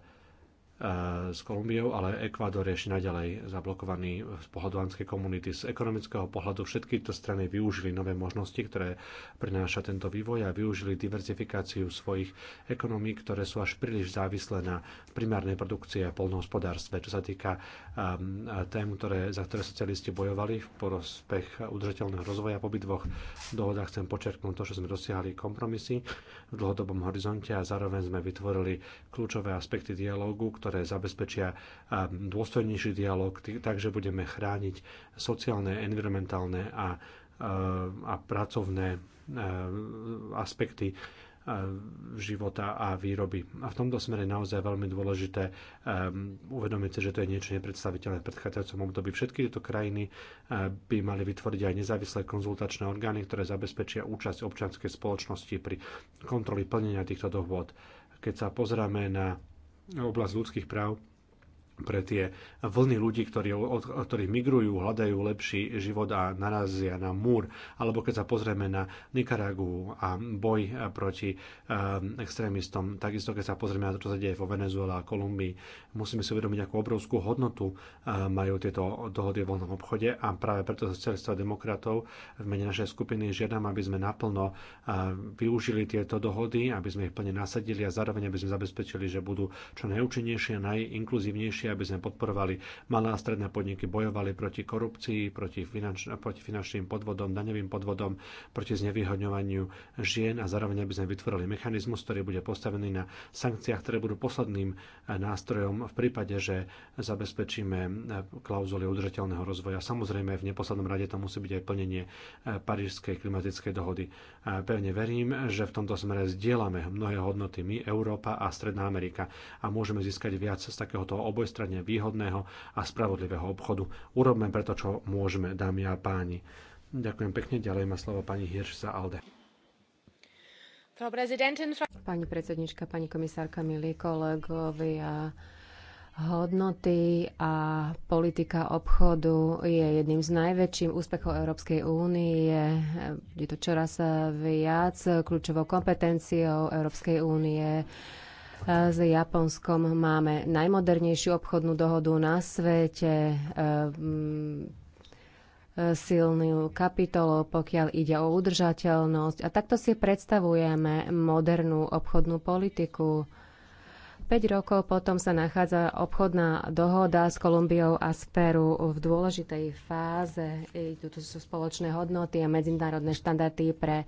Eh, s Kolumbiou, ale Ekvádor je ešte naďalej zablokovaný z pohľadu anskej komunity. Z ekonomického pohľadu všetky to strany využili nové možnosti, ktoré prináša tento vývoj a využili diverzifikáciu svojich ekonomík, ktoré sú až príliš závislé na primárnej produkcii a polnohospodárstve. Čo sa týka um, tém, ktoré, za ktoré socialisti bojovali v prospech udržateľného rozvoja po obidvoch dohodách chcem počerknúť to, že sme dosiahli kompromisy v dlhodobom horizonte a zároveň sme vytvorili kľúčové aspekty dialógu, ktoré zabezpečia dôstojnejší dialog, takže budeme chrániť sociálne, environmentálne a, a pracovné e, aspekty e, života a výroby. A v tomto smere je naozaj veľmi dôležité um, uvedomiť si, že to je niečo nepredstaviteľné v predchádzajúcom období. Všetky tieto krajiny uh, by mali vytvoriť aj nezávislé konzultačné orgány, ktoré zabezpečia účasť občianskej spoločnosti pri kontroli plnenia týchto dohôd. Keď sa pozrieme na oblasť ľudských práv pre tie vlny ľudí, ktorí, od, od ktorých migrujú, hľadajú lepší život a narazia na múr. Alebo keď sa pozrieme na Nikaragu a boj proti um, extrémistom, takisto keď sa pozrieme na to, čo sa deje vo Venezuela a Kolumbii, musíme si uvedomiť, akú obrovskú hodnotu uh, majú tieto dohody v voľnom obchode a práve preto z celstva demokratov v mene našej skupiny žiadam, aby sme naplno uh, využili tieto dohody, aby sme ich plne nasadili a zároveň aby sme zabezpečili, že budú čo najúčinnejšie, najinkluzívnejšie komisie, aby sme podporovali malé a stredné podniky, bojovali proti korupcii, proti, finanč, proti finančným podvodom, daňovým podvodom, proti znevýhodňovaniu žien a zároveň aby sme vytvorili mechanizmus, ktorý bude postavený na sankciách, ktoré budú posledným eh, nástrojom v prípade, že zabezpečíme eh, klauzuly udržateľného rozvoja. Samozrejme, v neposlednom rade to musí byť aj plnenie eh, Parížskej klimatickej dohody. Pevne verím, že v tomto smere zdieľame mnohé hodnoty my, Európa a Stredná Amerika a môžeme získať viac z takéhoto obojstva všestranne výhodného a spravodlivého obchodu. Urobme preto, čo môžeme, dámy a páni. Ďakujem pekne, ďalej má slovo pani Hirš za ALDE. Pani predsednička, pani komisárka, milí kolegovia, hodnoty a politika obchodu je jedným z najväčších úspechov Európskej únie. Je to čoraz viac kľúčovou kompetenciou Európskej únie s Japonskom máme najmodernejšiu obchodnú dohodu na svete, ehm, silnú kapitolu, pokiaľ ide o udržateľnosť. A takto si predstavujeme modernú obchodnú politiku. 5 rokov potom sa nachádza obchodná dohoda s Kolumbiou a s Peru v dôležitej fáze. Tu sú spoločné hodnoty a medzinárodné štandardy pre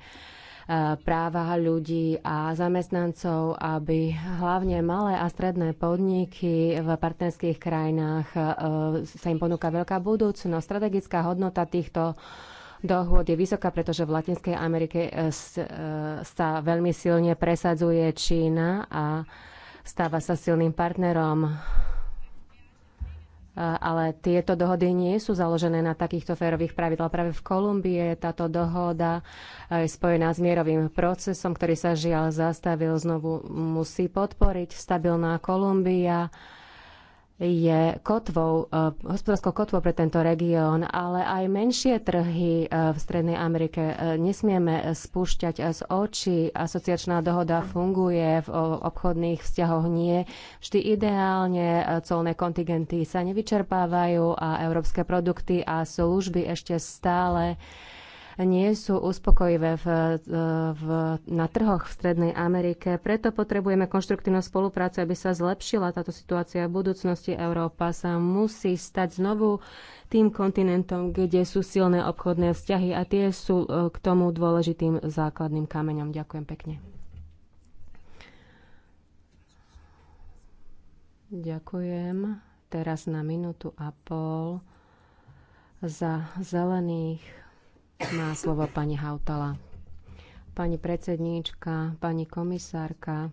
E, práva ľudí a zamestnancov, aby hlavne malé a stredné podniky v partnerských krajinách e, sa im ponúka veľká budúcnosť. Strategická hodnota týchto dohôd je vysoká, pretože v Latinskej Amerike e, sa veľmi silne presadzuje Čína a stáva sa silným partnerom ale tieto dohody nie sú založené na takýchto férových pravidlách. Práve v Kolumbii táto dohoda je eh, spojená s mierovým procesom, ktorý sa žiaľ zastavil. Znovu musí podporiť stabilná Kolumbia je kotvou, e, hospodárskou kotvou pre tento región, ale aj menšie trhy e, v Strednej Amerike e, nesmieme spúšťať z očí. Asociačná dohoda funguje, v obchodných vzťahoch nie. Vždy ideálne colné kontingenty sa nevyčerpávajú a európske produkty a služby ešte stále nie sú uspokojivé v, v, na trhoch v Strednej Amerike. Preto potrebujeme konštruktívnu spoluprácu, aby sa zlepšila táto situácia v budúcnosti. Európa sa musí stať znovu tým kontinentom, kde sú silné obchodné vzťahy a tie sú e, k tomu dôležitým základným kameňom. Ďakujem pekne. Ďakujem. Teraz na minútu a pol za zelených má slovo pani Hautala. Pani predsedníčka, pani komisárka,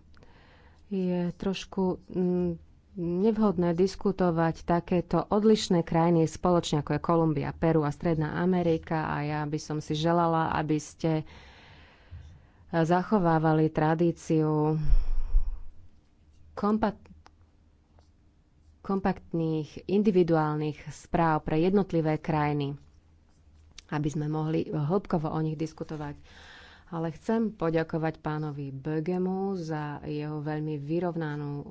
je trošku mm, nevhodné diskutovať takéto odlišné krajiny spoločne, ako je Kolumbia, Peru a Stredná Amerika a ja by som si želala, aby ste zachovávali tradíciu kompat kompaktných individuálnych správ pre jednotlivé krajiny aby sme mohli hĺbkovo o nich diskutovať. Ale chcem poďakovať pánovi Bögemu za jeho veľmi vyrovnanú,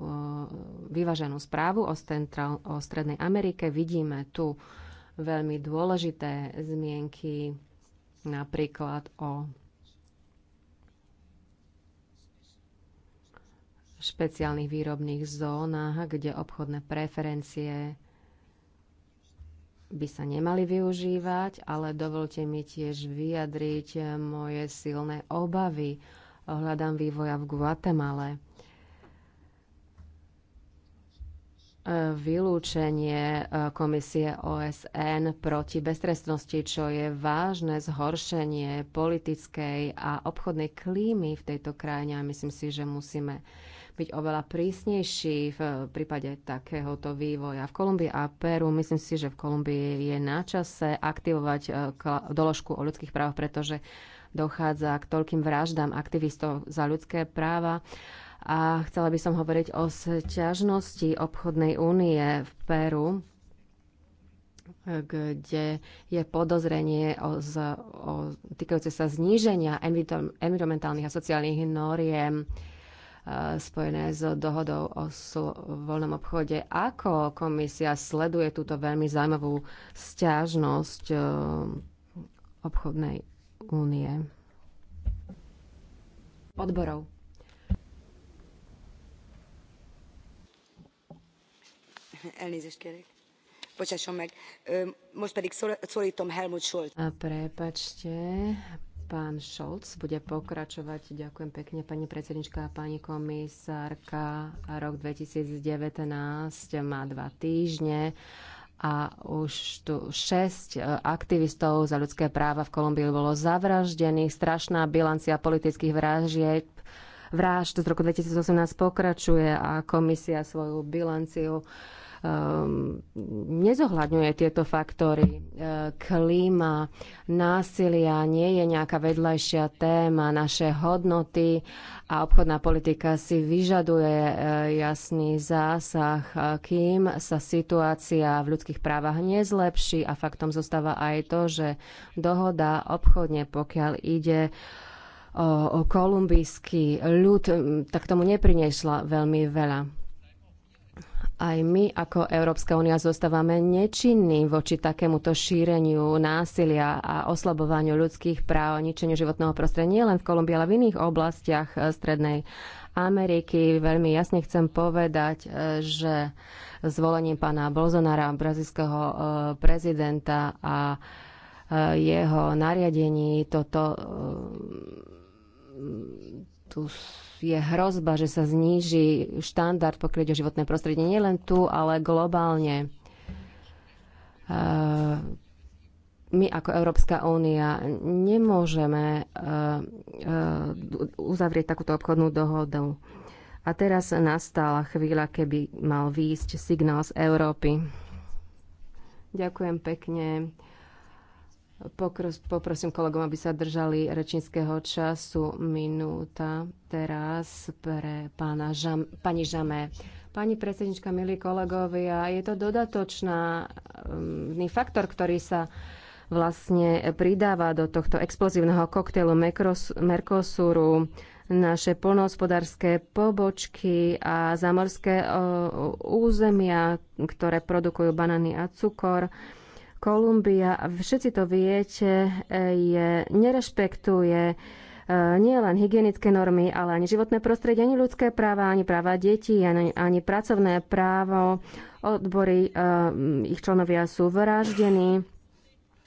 vyvaženú správu o, central, o Strednej Amerike. Vidíme tu veľmi dôležité zmienky napríklad o špeciálnych výrobných zónach, kde obchodné preferencie by sa nemali využívať, ale dovolte mi tiež vyjadriť moje silné obavy ohľadom vývoja v Guatemale. vylúčenie e, komisie OSN proti beztrestnosti, čo je vážne zhoršenie politickej a obchodnej klímy v tejto krajine a myslím si, že musíme byť oveľa prísnejší v prípade takéhoto vývoja. V Kolumbii a Peru myslím si, že v Kolumbii je na čase aktivovať e, doložku o ľudských právach, pretože dochádza k toľkým vraždám aktivistov za ľudské práva a chcela by som hovoriť o sťažnosti obchodnej únie v Peru, kde je podozrenie o, z, o týkajúce sa zníženia environmentálnych a sociálnych noriem e, spojené s dohodou o voľnom obchode. Ako komisia sleduje túto veľmi zaujímavú stiažnosť e, obchodnej únie? Odborov. Elnézést kérek. Bocsásson meg. Most pedig szólítom Helmut Scholz. Prepačte, pán Šolc bude pokračovať. Ďakujem pekne, pani predsednička a pani komisárka. Rok 2019 má dva týždne a už tu šesť e, aktivistov za ľudské práva v Kolumbii bolo zavraždených. Strašná bilancia politických vražieb Vražd z roku 2018 pokračuje a komisia svoju bilanciu Ehm, nezohľadňuje tieto faktory. Ehm, klíma, násilia nie je nejaká vedľajšia téma. Naše hodnoty a obchodná politika si vyžaduje ehm, jasný zásah, kým sa situácia v ľudských právach nezlepší a faktom zostáva aj to, že dohoda obchodne, pokiaľ ide o, o kolumbijský ľud, tak tomu nepriniesla veľmi veľa. Aj my ako Európska únia zostávame nečinní voči takémuto šíreniu násilia a oslabovaniu ľudských práv a ničeniu životného prostredia nielen v Kolumbii, ale v iných oblastiach eh, Strednej Ameriky. Veľmi jasne chcem povedať, eh, že zvolením pána Bolzonara, brazilského eh, prezidenta a jeho nariadení toto tu je hrozba, že sa zníži štandard pokryť o životné prostredie nielen tu, ale globálne. E, my ako Európska únia nemôžeme e, e, uzavrieť takúto obchodnú dohodu. A teraz nastala chvíľa, keby mal výjsť signál z Európy. Ďakujem pekne. Poprosím kolegom, aby sa držali rečníckého času. Minúta teraz pre pána Žam, pani Žamé. Pani predsednička, milí kolegovia, je to dodatočný um, faktor, ktorý sa vlastne pridáva do tohto explozívneho koktejlu Mercosuru naše polnohospodárske pobočky a zamorské uh, územia, ktoré produkujú banány a cukor Kolumbia, všetci to viete, je, nerešpektuje e, nie len hygienické normy, ale ani životné prostredie, ani ľudské práva, ani práva detí, ani, ani pracovné právo. Odbory, e, ich členovia sú vraždení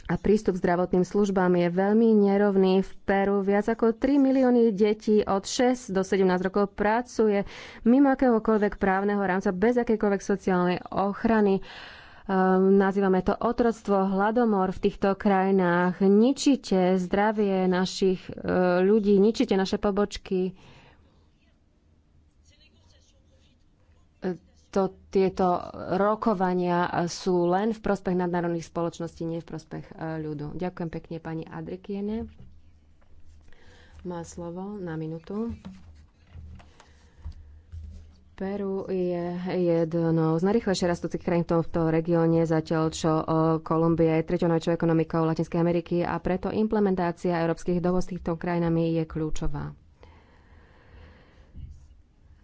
a prístup k zdravotným službám je veľmi nerovný. V Peru viac ako 3 milióny detí od 6 do 17 rokov pracuje mimo akéhokoľvek právneho rámca, bez akékoľvek sociálnej ochrany. Uh, Ehm, nazývame to otroctvo, hladomor v týchto krajinách. Ničíte zdravie našich e, ľudí, ničíte naše pobočky. E, to, tieto rokovania sú len v prospech nadnárodných spoločností, nie v prospech e, ľudu. Ďakujem pekne pani Adrikiene. Má slovo na minútu. Peru je jednou z najrychlejšie rastúcich krajín v tomto regióne, zatiaľ čo Kolumbia je treťou najväčšou ekonomikou Latinskej Ameriky a preto implementácia európskych dovoz týchto krajinami je kľúčová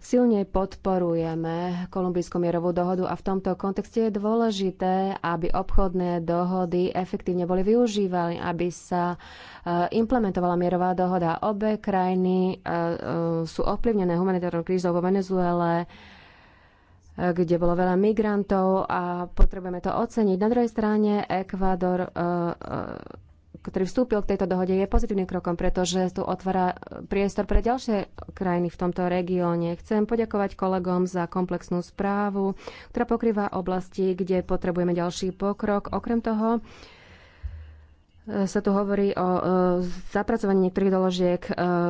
silne podporujeme kolumbijskú mierovú dohodu a v tomto kontexte je dôležité, aby obchodné dohody efektívne boli využívané, aby sa eh, implementovala mierová dohoda. Obe krajiny eh, eh, sú ovplyvnené humanitárnou krízou vo Venezuele, kde bolo veľa migrantov a potrebujeme to oceniť. Na druhej strane Ekvador ktorý vstúpil k tejto dohode, je pozitívnym krokom, pretože tu otvára e, priestor pre ďalšie krajiny v tomto regióne. Chcem poďakovať kolegom za komplexnú správu, ktorá pokrýva oblasti, kde potrebujeme ďalší pokrok. Okrem toho, e, sa tu hovorí o e, zapracovaní niektorých doložiek,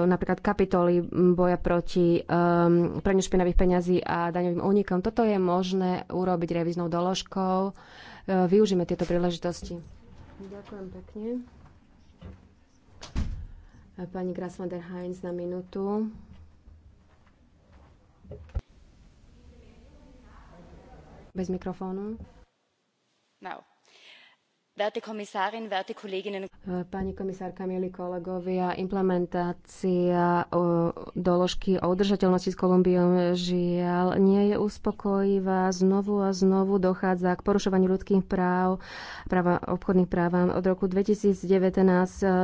napríklad kapitoly boja proti praniu špinavých peňazí a daňovým únikom. Toto je možné urobiť revíznou doložkou. Využíme tieto príležitosti. Ďakujem pekne pani Grasmander Heinz na minútu. Bez mikrofónu. Now. Eh, pani komisárka, milí kolegovia, implementácia eh, doložky o udržateľnosti s Kolumbiou eh, žiaľ nie je uspokojivá. Znovu a znovu dochádza k porušovaniu ľudských práv, práva, obchodných práv. Od roku 2019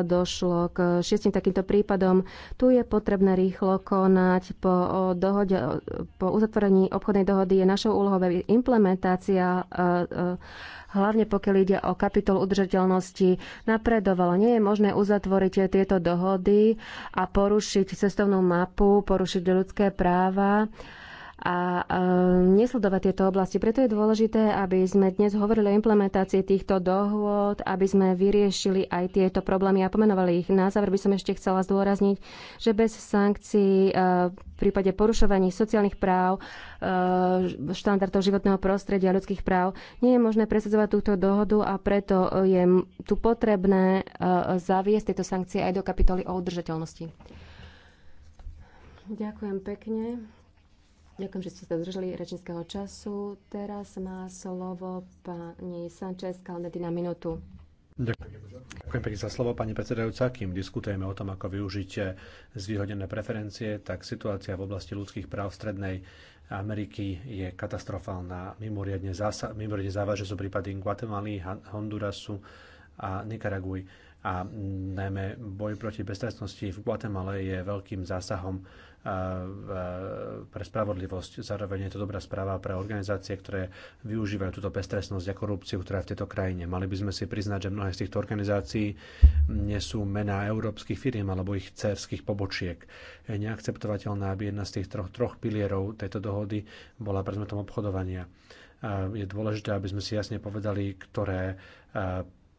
došlo k šiestim takýmto prípadom. Tu je potrebné rýchlo konať. Po, dohode, po uzatvorení obchodnej dohody je našou úlohou implementácia, hlavne pokiaľ ide o kapitál kapitol udržateľnosti napredovalo. Nie je možné uzatvoriť tieto dohody a porušiť cestovnú mapu, porušiť ľudské práva a nesledovať tieto oblasti. Preto je dôležité, aby sme dnes hovorili o implementácii týchto dohôd, aby sme vyriešili aj tieto problémy a pomenovali ich. Na záver by som ešte chcela zdôrazniť, že bez sankcií e, v prípade porušovaní sociálnych práv, e, štandardov životného prostredia a ľudských práv nie je možné presadzovať túto dohodu a preto je tu potrebné e, zaviesť tieto sankcie aj do kapitoly o udržateľnosti. Ďakujem pekne. Ďakujem, že ste sa zdržali rečnického času. Teraz má slovo pani Sanchez Calnety na minútu. Ďakujem pekne za slovo, pani predsedajúca. Kým diskutujeme o tom, ako využiť zvýhodené preferencie, tak situácia v oblasti ľudských práv v Strednej Ameriky je katastrofálna. Mimoriadne, zása- mimoriadne závažné sú prípady Guatemaly, Hondurasu a Nicaraguj. A najmä boj proti beztrestnosti v Guatemale je veľkým zásahom pre spravodlivosť. Zároveň je to dobrá správa pre organizácie, ktoré využívajú túto bestresnosť a korupciu, ktorá je v tejto krajine. Mali by sme si priznať, že mnohé z týchto organizácií nie sú mená európskych firiem alebo ich cerských pobočiek. Je neakceptovateľné, aby jedna z tých troch, troch pilierov tejto dohody bola predmetom obchodovania. Je dôležité, aby sme si jasne povedali, ktoré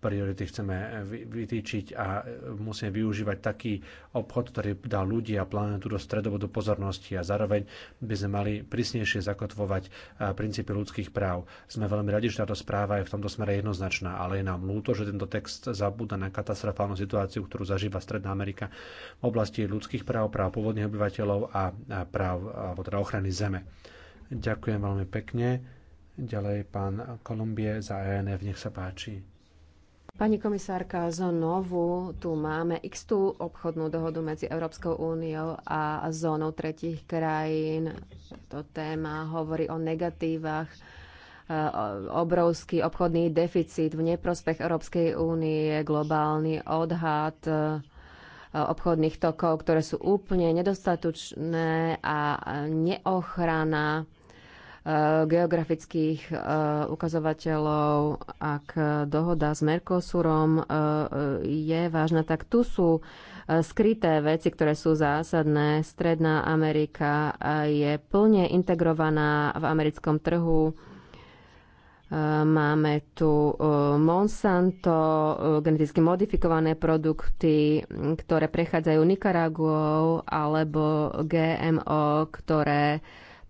priority chceme eh, vytýčiť a eh, musíme využívať taký obchod, ktorý dá ľudí a planetu do stredovodu pozornosti a zároveň by sme mali prísnejšie zakotvovať eh, princípy ľudských práv. Sme veľmi radi, že táto správa je v tomto smere jednoznačná, ale je nám ľúto, že tento text zabúda na katastrofálnu situáciu, ktorú zažíva Stredná Amerika v oblasti ľudských práv, práv pôvodných obyvateľov a práv alebo teda ochrany zeme. Ďakujem veľmi pekne. Ďalej pán Kolumbie za ENF, nech sa páči. Pani komisárka, znovu tu máme x tú obchodnú dohodu medzi Európskou úniou a zónou tretich krajín. To téma hovorí o negatívach e, obrovský obchodný deficit v neprospech Európskej únie, globálny odhad e, obchodných tokov, ktoré sú úplne nedostatočné a neochrana Eh, geografických eh, ukazovateľov, ak dohoda s Mercosurom eh, je vážna, tak tu sú skryté veci, ktoré sú zásadné. Stredná Amerika je plne integrovaná v americkom trhu. Máme tu Monsanto, geneticky modifikované produkty, ktoré prechádzajú Nikaraguou, alebo GMO, ktoré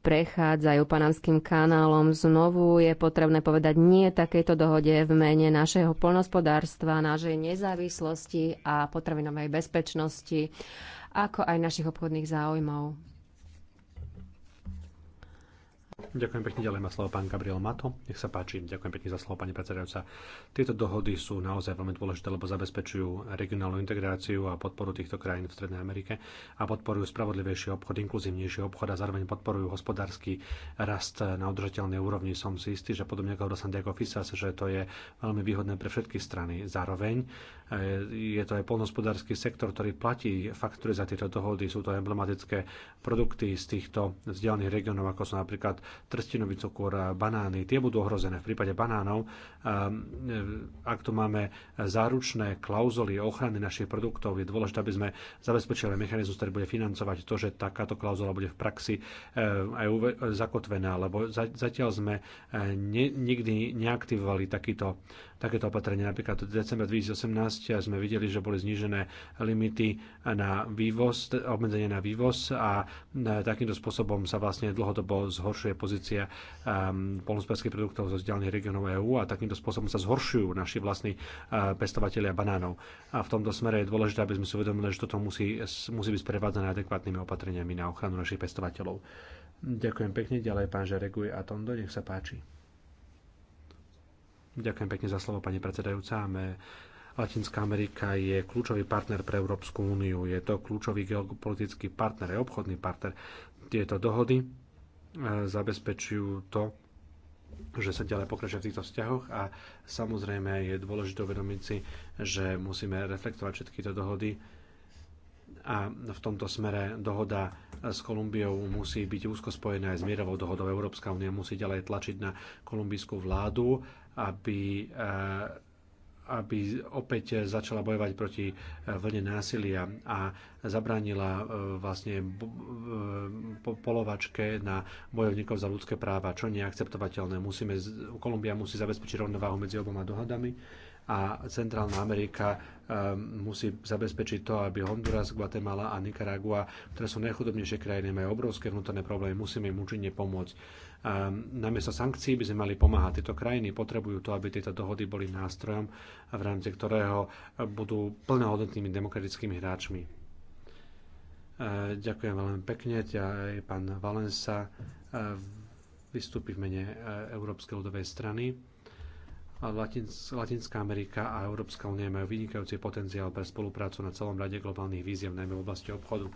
prechádzajú panamským kanálom. Znovu je potrebné povedať nie takejto dohode v mene našeho polnospodárstva, našej nezávislosti a potravinovej bezpečnosti, ako aj našich obchodných záujmov. Ďakujem pekne, ďalej má slovo pán Gabriel Mato. Nech sa páči, ďakujem pekne za slovo, pani predsedajúca. Tieto dohody sú naozaj veľmi dôležité, lebo zabezpečujú regionálnu integráciu a podporu týchto krajín v Strednej Amerike a podporujú spravodlivejší obchod, inkluzívnejší obchod a zároveň podporujú hospodársky rast na udržateľnej úrovni. Som si istý, že podobne ako do Santiago Fisas, že to je veľmi výhodné pre všetky strany. Zároveň eh, je to aj polnospodársky sektor, ktorý platí faktúry za tieto dohody. Sú to emblematické produkty z týchto vzdialených regiónov, ako sú napríklad trstinový cukor, banány. Tie budú ohrozené. V prípade banánov, e, ak tu máme záručné klauzuly ochrany našich produktov, je dôležité, aby sme zabezpečili mechanizmus, ktorý bude financovať to, že takáto klauzula bude v praxi e, aj zakotvená, lebo zatiaľ sme e, nikdy neaktivovali takýto takéto opatrenie. Napríklad v decembra 2018 sme videli, že boli znížené limity na vývoz, obmedzenie na vývoz a e, takýmto spôsobom sa vlastne dlhodobo zhoršuje pozícia e, polnospodárských produktov zo vzdialených regionov EÚ a takýmto spôsobom sa zhoršujú naši vlastní e, pestovatelia banánov. A v tomto smere je dôležité, aby sme si uvedomili, že toto musí, musí byť sprevádzané adekvátnymi opatreniami na ochranu našich pestovateľov. Ďakujem pekne, ďalej pán Žereguj a Tondo, nech sa páči. Ďakujem pekne za slovo, pani predsedajúca. Latinská Amerika je kľúčový partner pre Európsku úniu. Je to kľúčový geopolitický partner, je obchodný partner. Tieto dohody e, zabezpečujú to, že sa ďalej pokračuje v týchto vzťahoch a samozrejme je dôležité uvedomiť si, že musíme reflektovať všetky tieto dohody a v tomto smere dohoda s Kolumbiou musí byť úzko spojená aj s mierovou dohodou. Európska únia musí ďalej tlačiť na kolumbijskú vládu aby eh, aby opäť začala bojovať proti eh, vlne násilia a zabránila eh, vlastne polovačke na bojovníkov za ľudské práva, čo neakceptovateľné. Musíme, Kolumbia musí zabezpečiť rovnováhu medzi oboma dohadami a Centrálna Amerika e, musí zabezpečiť to, aby Honduras, Guatemala a Nicaragua, ktoré sú najchudobnejšie krajiny, majú obrovské vnútorné problémy, musíme im účinne pomôcť. Ehm, namiesto sankcií by sme mali pomáhať. Tieto krajiny potrebujú to, aby tieto dohody boli nástrojom, v rámci ktorého budú plnohodnotnými demokratickými hráčmi. Ehm, ďakujem veľmi pekne. Aj pán Valensa ehm, vystúpi v mene e, Európskej ľudovej strany. Latinská Amerika a Európska únia majú vynikajúci potenciál pre spoluprácu na celom rade globálnych víziev, najmä v oblasti obchodu.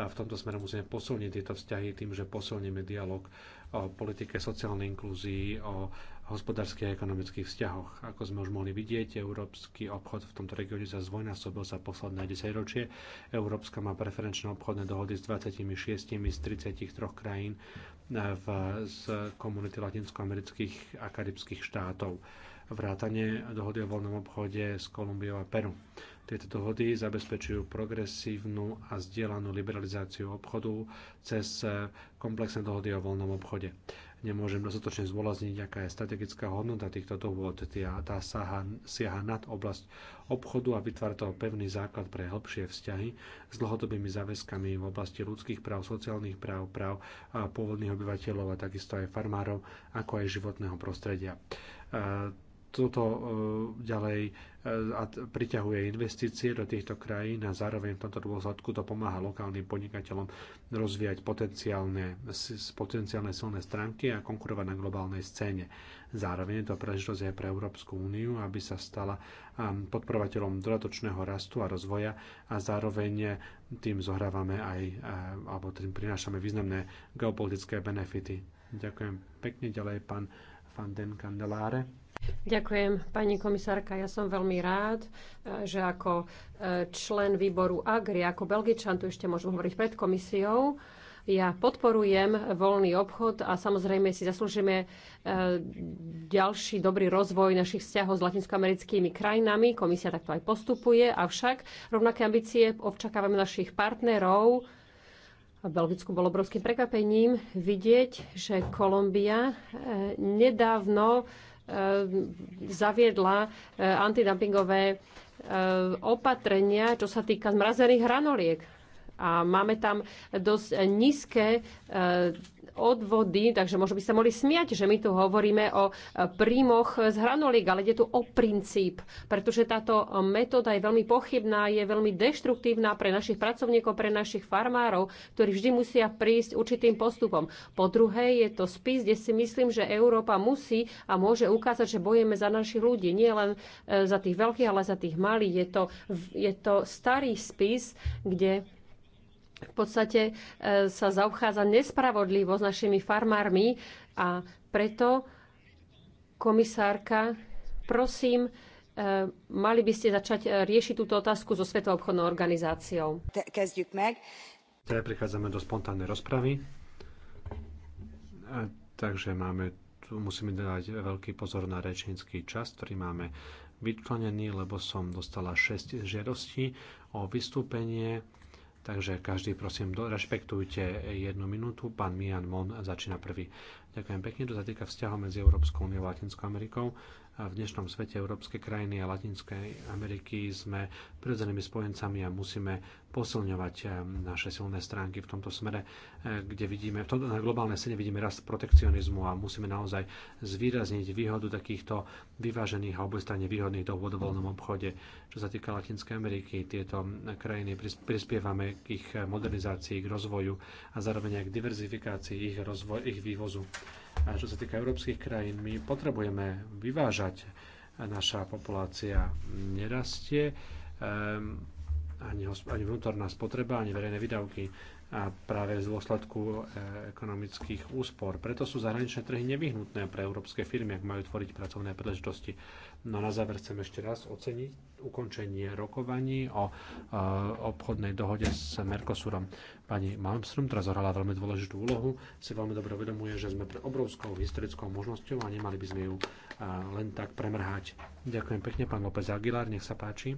A v tomto smere musíme posilniť tieto vzťahy tým, že posilníme dialog o politike sociálnej inklúzii, o hospodárskych a ekonomických vzťahoch. Ako sme už mohli vidieť, európsky obchod v tomto regióne sa zdvojnásobil sa posledné 10 ročie. Európska má preferenčné obchodné dohody s 26 z 33 krajín eh, v, z komunity latinskoamerických a karibských štátov vrátane dohody o voľnom obchode s Kolumbiou a Peru. Tieto dohody zabezpečujú progresívnu a zdieľanú liberalizáciu obchodu cez eh, komplexné dohody o voľnom obchode. Nemôžem dostatočne zdôrazniť, aká je strategická hodnota týchto dohôd. Tá saha, siaha nad oblasť obchodu a vytvára to pevný základ pre hĺbšie vzťahy s dlhodobými záväzkami v oblasti ľudských práv, sociálnych práv, práv a pôvodných obyvateľov a takisto aj farmárov, ako aj životného prostredia eh, toto e, ďalej e, a priťahuje investície do týchto krajín a zároveň v tomto dôsledku to pomáha lokálnym podnikateľom rozvíjať potenciálne, potenciálne silné stránky a konkurovať na globálnej scéne. Zároveň je to príležitosť aj pre Európsku úniu, aby sa stala podporovateľom dodatočného rastu a rozvoja a zároveň tým zohrávame aj, alebo tým prinášame významné geopolitické benefity. Ďakujem pekne ďalej pán Fanden Candelare. Ďakujem, pani komisárka. Ja som veľmi rád, eh, že ako eh, člen výboru AGRI, ako belgičan, tu ešte môžem hovoriť pred komisiou, ja podporujem voľný obchod a samozrejme si zaslúžime eh, ďalší dobrý rozvoj našich vzťahov s latinskoamerickými krajinami. Komisia takto aj postupuje, avšak rovnaké ambície občakávame našich partnerov. V Belgicku bolo obrovským prekvapením vidieť, že Kolumbia nedávno E, zaviedla e, antidumpingové e, opatrenia, čo sa týka zmrazených hranoliek a máme tam dosť nízke e, odvody, takže možno by sa mohli smiať, že my tu hovoríme o e, príjmoch z hranolík, ale ide tu o princíp, pretože táto metóda je veľmi pochybná, je veľmi deštruktívna pre našich pracovníkov, pre našich farmárov, ktorí vždy musia prísť určitým postupom. Po druhé, je to spis, kde si myslím, že Európa musí a môže ukázať, že bojujeme za našich ľudí, nie len e, za tých veľkých, ale za tých malých. Je to, je to starý spis, kde v podstate e, sa zaobchádza nespravodlivo s našimi farmármi a preto komisárka, prosím, e, mali by ste začať e, riešiť túto otázku so Svetovou obchodnou organizáciou. Teda prichádzame do spontánnej rozpravy. Takže máme, tu musíme dať veľký pozor na rečnícky čas, ktorý máme vyčlenený, lebo som dostala 6 žiadostí o vystúpenie Takže každý, prosím, rešpektujte jednu minútu. Pán Mian Mon začína prvý. Ďakujem pekne. To sa týka vzťahov medzi Európskou úniou a Latinskou Amerikou v dnešnom svete európske krajiny a Latinskej Ameriky sme prirodzenými spojencami a musíme posilňovať eh, naše silné stránky v tomto smere, eh, kde vidíme, na globálnej scéne vidíme rast protekcionizmu a musíme naozaj zvýrazniť výhodu takýchto vyvážených a obojstranne výhodných dohôd o voľnom obchode. Čo sa týka Latinskej Ameriky, tieto krajiny prispievame k ich eh, modernizácii, k rozvoju a zároveň aj k diverzifikácii ich, rozvoj, ich vývozu. A čo sa týka európskych krajín, my potrebujeme vyvážať naša populácia nerastie, ehm, ani, ani vnútorná spotreba, ani verejné výdavky a práve z dôsledku e, ekonomických úspor. Preto sú zahraničné trhy nevyhnutné pre európske firmy, ak majú tvoriť pracovné príležitosti. No na záver chcem ešte raz oceniť ukončenie rokovaní o e, obchodnej dohode s Mercosurom. Pani Malmström teraz zohrala veľmi dôležitú úlohu, si veľmi dobre uvedomuje, že sme pre obrovskou historickou možnosťou a nemali by sme ju e, len tak premrhať. Ďakujem pekne, pán López Aguilar, nech sa páči.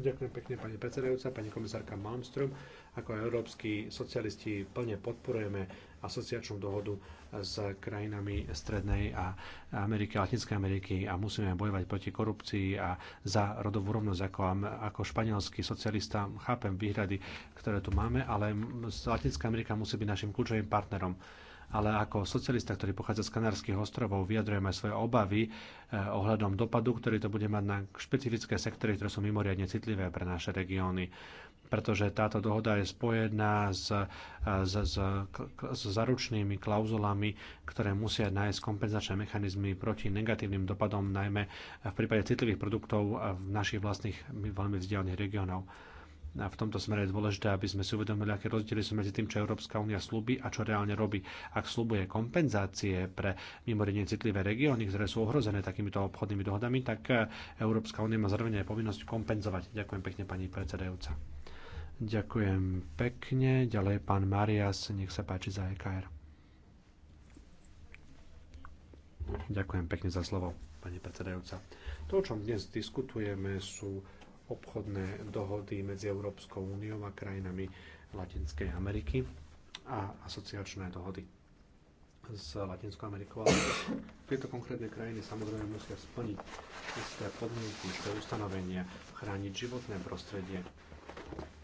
Ďakujem pekne pani predsedajúca, pani komisárka Malmström. Ako európsky socialisti plne podporujeme asociačnú dohodu s krajinami Strednej a Ameriky, Latinskej Ameriky a musíme bojovať proti korupcii a za rodovú rovnosť. Ako, ako španielský socialista chápem výhrady, ktoré tu máme, ale Latinská Amerika musí byť našim kľúčovým partnerom ale ako socialista, ktorý pochádza z Kanárskych ostrovov, vyjadrujeme aj svoje obavy eh, ohľadom dopadu, ktorý to bude mať na špecifické sektory, ktoré sú mimoriadne citlivé pre naše regióny pretože táto dohoda je spojená s, s, s, s zaručnými klauzulami, ktoré musia nájsť kompenzačné mechanizmy proti negatívnym dopadom, najmä v prípade citlivých produktov v našich vlastných veľmi vzdialených regiónov. A v tomto smere je dôležité, aby sme si uvedomili, aké rozdiely sú medzi tým, čo Európska únia slúbi a čo reálne robí. Ak slúbuje kompenzácie pre mimoriadne citlivé regióny, ktoré sú ohrozené takýmito obchodnými dohodami, tak Európska únia má zároveň aj povinnosť kompenzovať. Ďakujem pekne, pani predsedajúca. Ďakujem pekne. Ďalej pán Marias, nech sa páči za EKR. Ďakujem pekne za slovo, pani predsedajúca. To, o čom dnes diskutujeme, sú obchodné dohody medzi Európskou úniou a krajinami Latinskej Ameriky a asociačné dohody s Latinskou Amerikou. tieto konkrétne krajiny samozrejme musia splniť isté podmienky, isté ustanovenia, chrániť životné prostredie,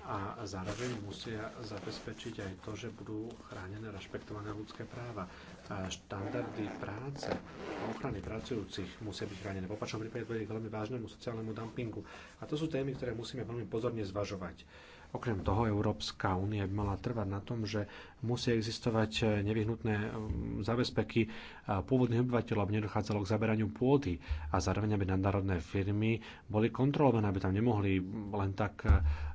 a zároveň musia zabezpečiť aj to, že budú chránené, rešpektované ľudské práva. A štandardy práce a ochrany pracujúcich musia byť chránené. V opačnom prípade dojde k veľmi vážnemu sociálnemu dumpingu. A to sú témy, ktoré musíme veľmi pozorne zvažovať. Okrem toho Európska únia by mala trvať na tom, že musia existovať nevyhnutné mm, zabezpeky pôvodných obyvateľov, aby nedochádzalo k zaberaniu pôdy a zároveň aby nadnárodné firmy boli kontrolované, aby tam nemohli len tak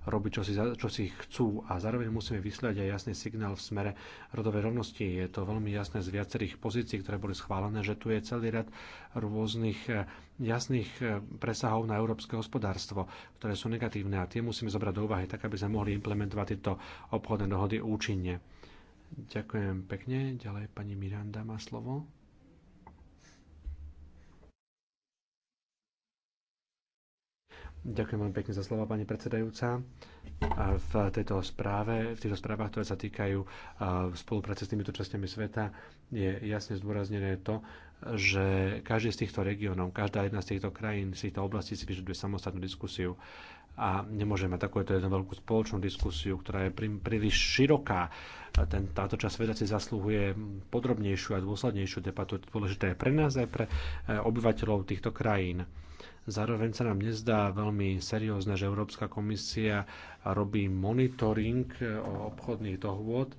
robiť, čo si, čo si chcú a zároveň musíme vyslať aj jasný signál v smere rodovej rovnosti. Je to veľmi jasné z viacerých pozícií, ktoré boli schválené, že tu je celý rad rôznych e, jasných e, presahov na európske hospodárstvo, ktoré sú negatívne a tie musíme zobrať do úvahy, tak aby sme mohli implementovať tieto obchodné dohody účinne. Ďakujem pekne. Ďalej pani Miranda má slovo. Ďakujem veľmi pekne za slova, pani predsedajúca. V tejto správe, v týchto správach, ktoré sa týkajú spolupráce s týmito častiami sveta, je jasne zdôraznené to, že každý z týchto regiónov, každá jedna z týchto krajín, z týchto oblastí si vyžaduje samostatnú diskusiu a nemôžeme mať takúto jednu veľkú spoločnú diskusiu, ktorá je príliš široká. Ten, táto časť sveta si zaslúhuje podrobnejšiu a dôslednejšiu debatu. Dôležité je pre nás aj pre e, obyvateľov týchto krajín Zároveň sa nám nezdá veľmi seriózne, že Európska komisia robí monitoring e, obchodných dohôd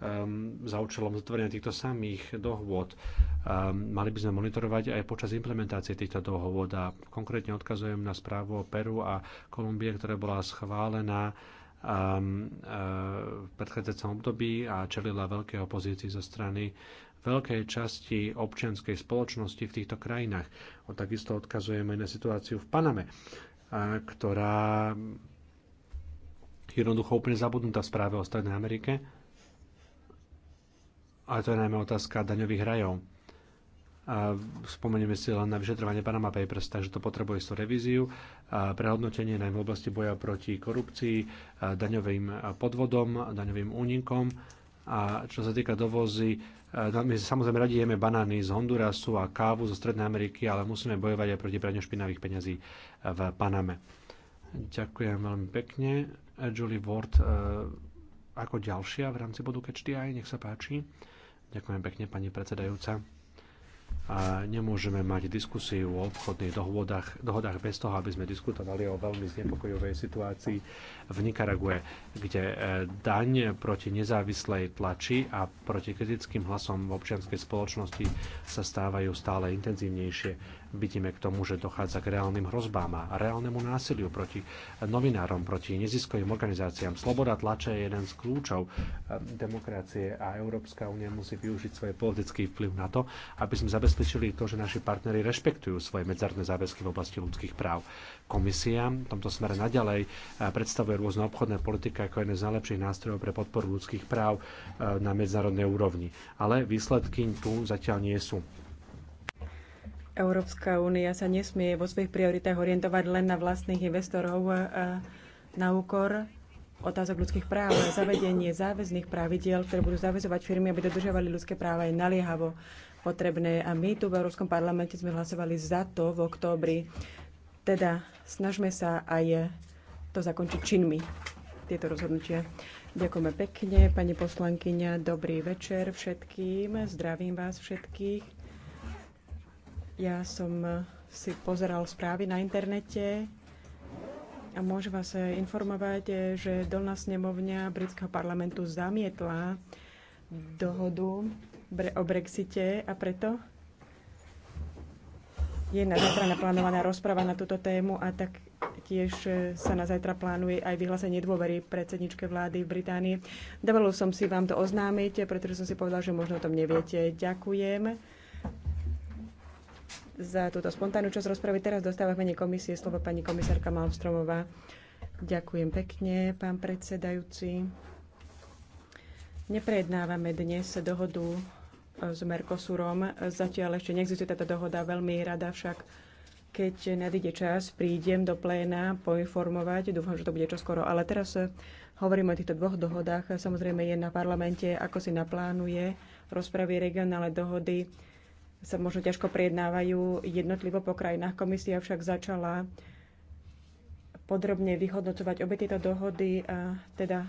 um, za účelom zatvorenia týchto samých dohôd. Um, mali by sme monitorovať aj počas implementácie týchto dohôd a konkrétne odkazujem na správu o Peru a Kolumbie, ktorá bola schválená um, uh, v predchádzajúcom období a čelila veľkej opozícii zo strany veľkej časti občianskej spoločnosti v týchto krajinách. O, takisto odkazujeme na situáciu v Paname, ktorá jednoducho úplne zabudnutá v správe o Strednej Amerike. A to je najmä otázka daňových rajov. A spomenieme si len na vyšetrovanie Panama Papers, takže to potrebuje istú revíziu, a prehodnotenie najmä v oblasti boja proti korupcii, daňovým podvodom, daňovým únikom. A čo sa týka dovozy, E, my samozrejme radi jeme banány z Hondurasu a kávu zo Strednej Ameriky, ale musíme bojovať aj proti praniu špinavých peňazí v Paname. Ďakujem veľmi pekne. Julie Ward e, ako ďalšia v rámci bodu Catch nech sa páči. Ďakujem pekne, pani predsedajúca a nemôžeme mať diskusiu o obchodných dohodách, dohodách bez toho, aby sme diskutovali o veľmi znepokojovej situácii v Nikarague, kde e, daň proti nezávislej tlači a proti kritickým hlasom v občianskej spoločnosti sa stávajú stále intenzívnejšie. Vidíme k tomu, že dochádza k reálnym hrozbám a reálnemu násiliu proti novinárom, proti neziskovým organizáciám. Sloboda tlače je jeden z kľúčov demokracie a Európska únia musí využiť svoj politický vplyv na to, aby sme zabezpečili to, že naši partnery rešpektujú svoje medzárne záväzky v oblasti ľudských práv. Komisia v tomto smere naďalej eh, predstavuje rôzne obchodné politiky ako jeden z najlepších nástrojov pre podporu ľudských práv eh, na medzinárodnej úrovni. Ale výsledky tu zatiaľ nie sú. Európska únia sa nesmie vo svojich prioritách orientovať len na vlastných investorov na úkor otázok ľudských práv, zavedenie záväzných pravidiel, ktoré budú zavezovať firmy, aby dodržiavali ľudské práva, je naliehavo potrebné. A my tu v Európskom parlamente sme hlasovali za to v októbri. Teda snažme sa aj to zakončiť činmi, tieto rozhodnutia. Ďakujeme pekne, pani poslankyňa. Dobrý večer všetkým. Zdravím vás všetkých. Ja som eh, si pozeral správy na internete a môžem vás eh, informovať, eh, že Dolná snemovňa britského parlamentu zamietla dohodu o Brexite a preto je na zajtra naplánovaná rozpráva na túto tému a tak tiež sa na zajtra plánuje aj vyhlásenie dôvery predsedničke vlády v Británii. Dovolil som si vám to oznámiť, pretože som si povedal, že možno o tom neviete. Ďakujem za túto spontánnu časť rozpravy. Teraz dostáva v mene komisie slovo pani komisárka Malmstromová. Ďakujem pekne, pán predsedajúci. Neprejednávame dnes dohodu e, s Mercosurom. Zatiaľ ešte neexistuje táto dohoda. Veľmi rada však, keď nadíde čas, prídem do pléna poinformovať. Dúfam, že to bude čoskoro. Ale teraz e, hovorím o týchto dvoch dohodách. Samozrejme je na parlamente, ako si naplánuje rozpravy regionálne dohody sa možno ťažko prejednávajú jednotlivo po krajinách. Komisia však začala podrobne vyhodnocovať obe tieto dohody a teda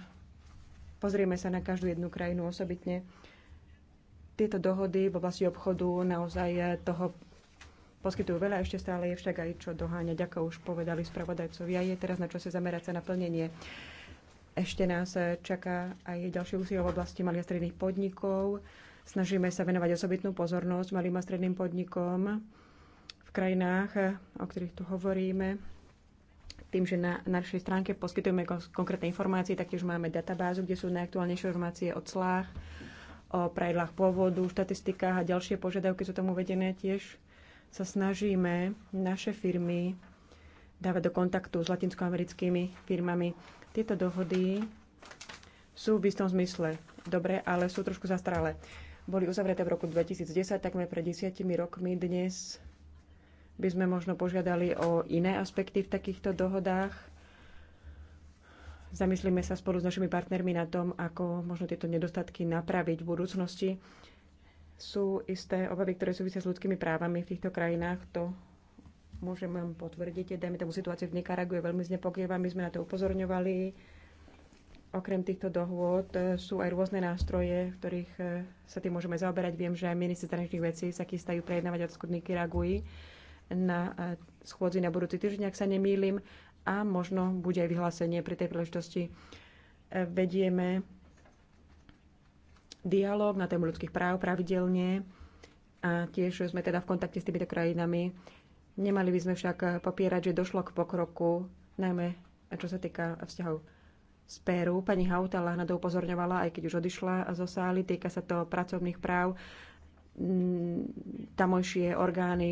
pozrieme sa na každú jednu krajinu osobitne. Tieto dohody v oblasti obchodu naozaj toho poskytujú veľa, ešte stále je však aj čo doháňať, ako už povedali spravodajcovia. Je teraz na čase zamerať sa na plnenie. Ešte nás čaká aj ďalšie úsilie v oblasti malých a stredných podnikov Snažíme sa venovať osobitnú pozornosť malým a stredným podnikom v krajinách, o ktorých tu hovoríme. Tým, že na, našej stránke poskytujeme konkrétne informácie, taktiež máme databázu, kde sú najaktuálnejšie informácie o clách, o pravidlách pôvodu, štatistikách a ďalšie požiadavky sú tam uvedené tiež. Sa snažíme naše firmy dávať do kontaktu s latinskoamerickými firmami. Tieto dohody sú v istom zmysle dobré, ale sú trošku zastaralé boli uzavreté v roku 2010, takmer pred desiatimi rokmi. Dnes by sme možno požiadali o iné aspekty v takýchto dohodách. Zamyslíme sa spolu s našimi partnermi na tom, ako možno tieto nedostatky napraviť v budúcnosti. Sú isté obavy, ktoré súvisia s ľudskými právami v týchto krajinách. To môžem vám potvrdiť. Dajme tomu situáciu v Nikaragu je veľmi znepokojivá. My sme na to upozorňovali Okrem týchto dohôd e, sú aj rôzne nástroje, v ktorých e, sa tým môžeme zaoberať. Viem, že aj ministri zahraničných vecí sa chystajú prejednávať odskudný Kiragui na e, schôdzi na budúci týždeň, ak sa nemýlim, a možno bude aj vyhlásenie pri tej príležitosti. Vedieme dialog na tému ľudských práv pravidelne a tiež sme teda v kontakte s týmito krajinami. Nemali by sme však popierať, že došlo k pokroku, najmä čo sa týka vzťahov z Peru. Pani Hautala na to upozorňovala, aj keď už odišla zo sály. Týka sa to pracovných práv. Mm, tamojšie orgány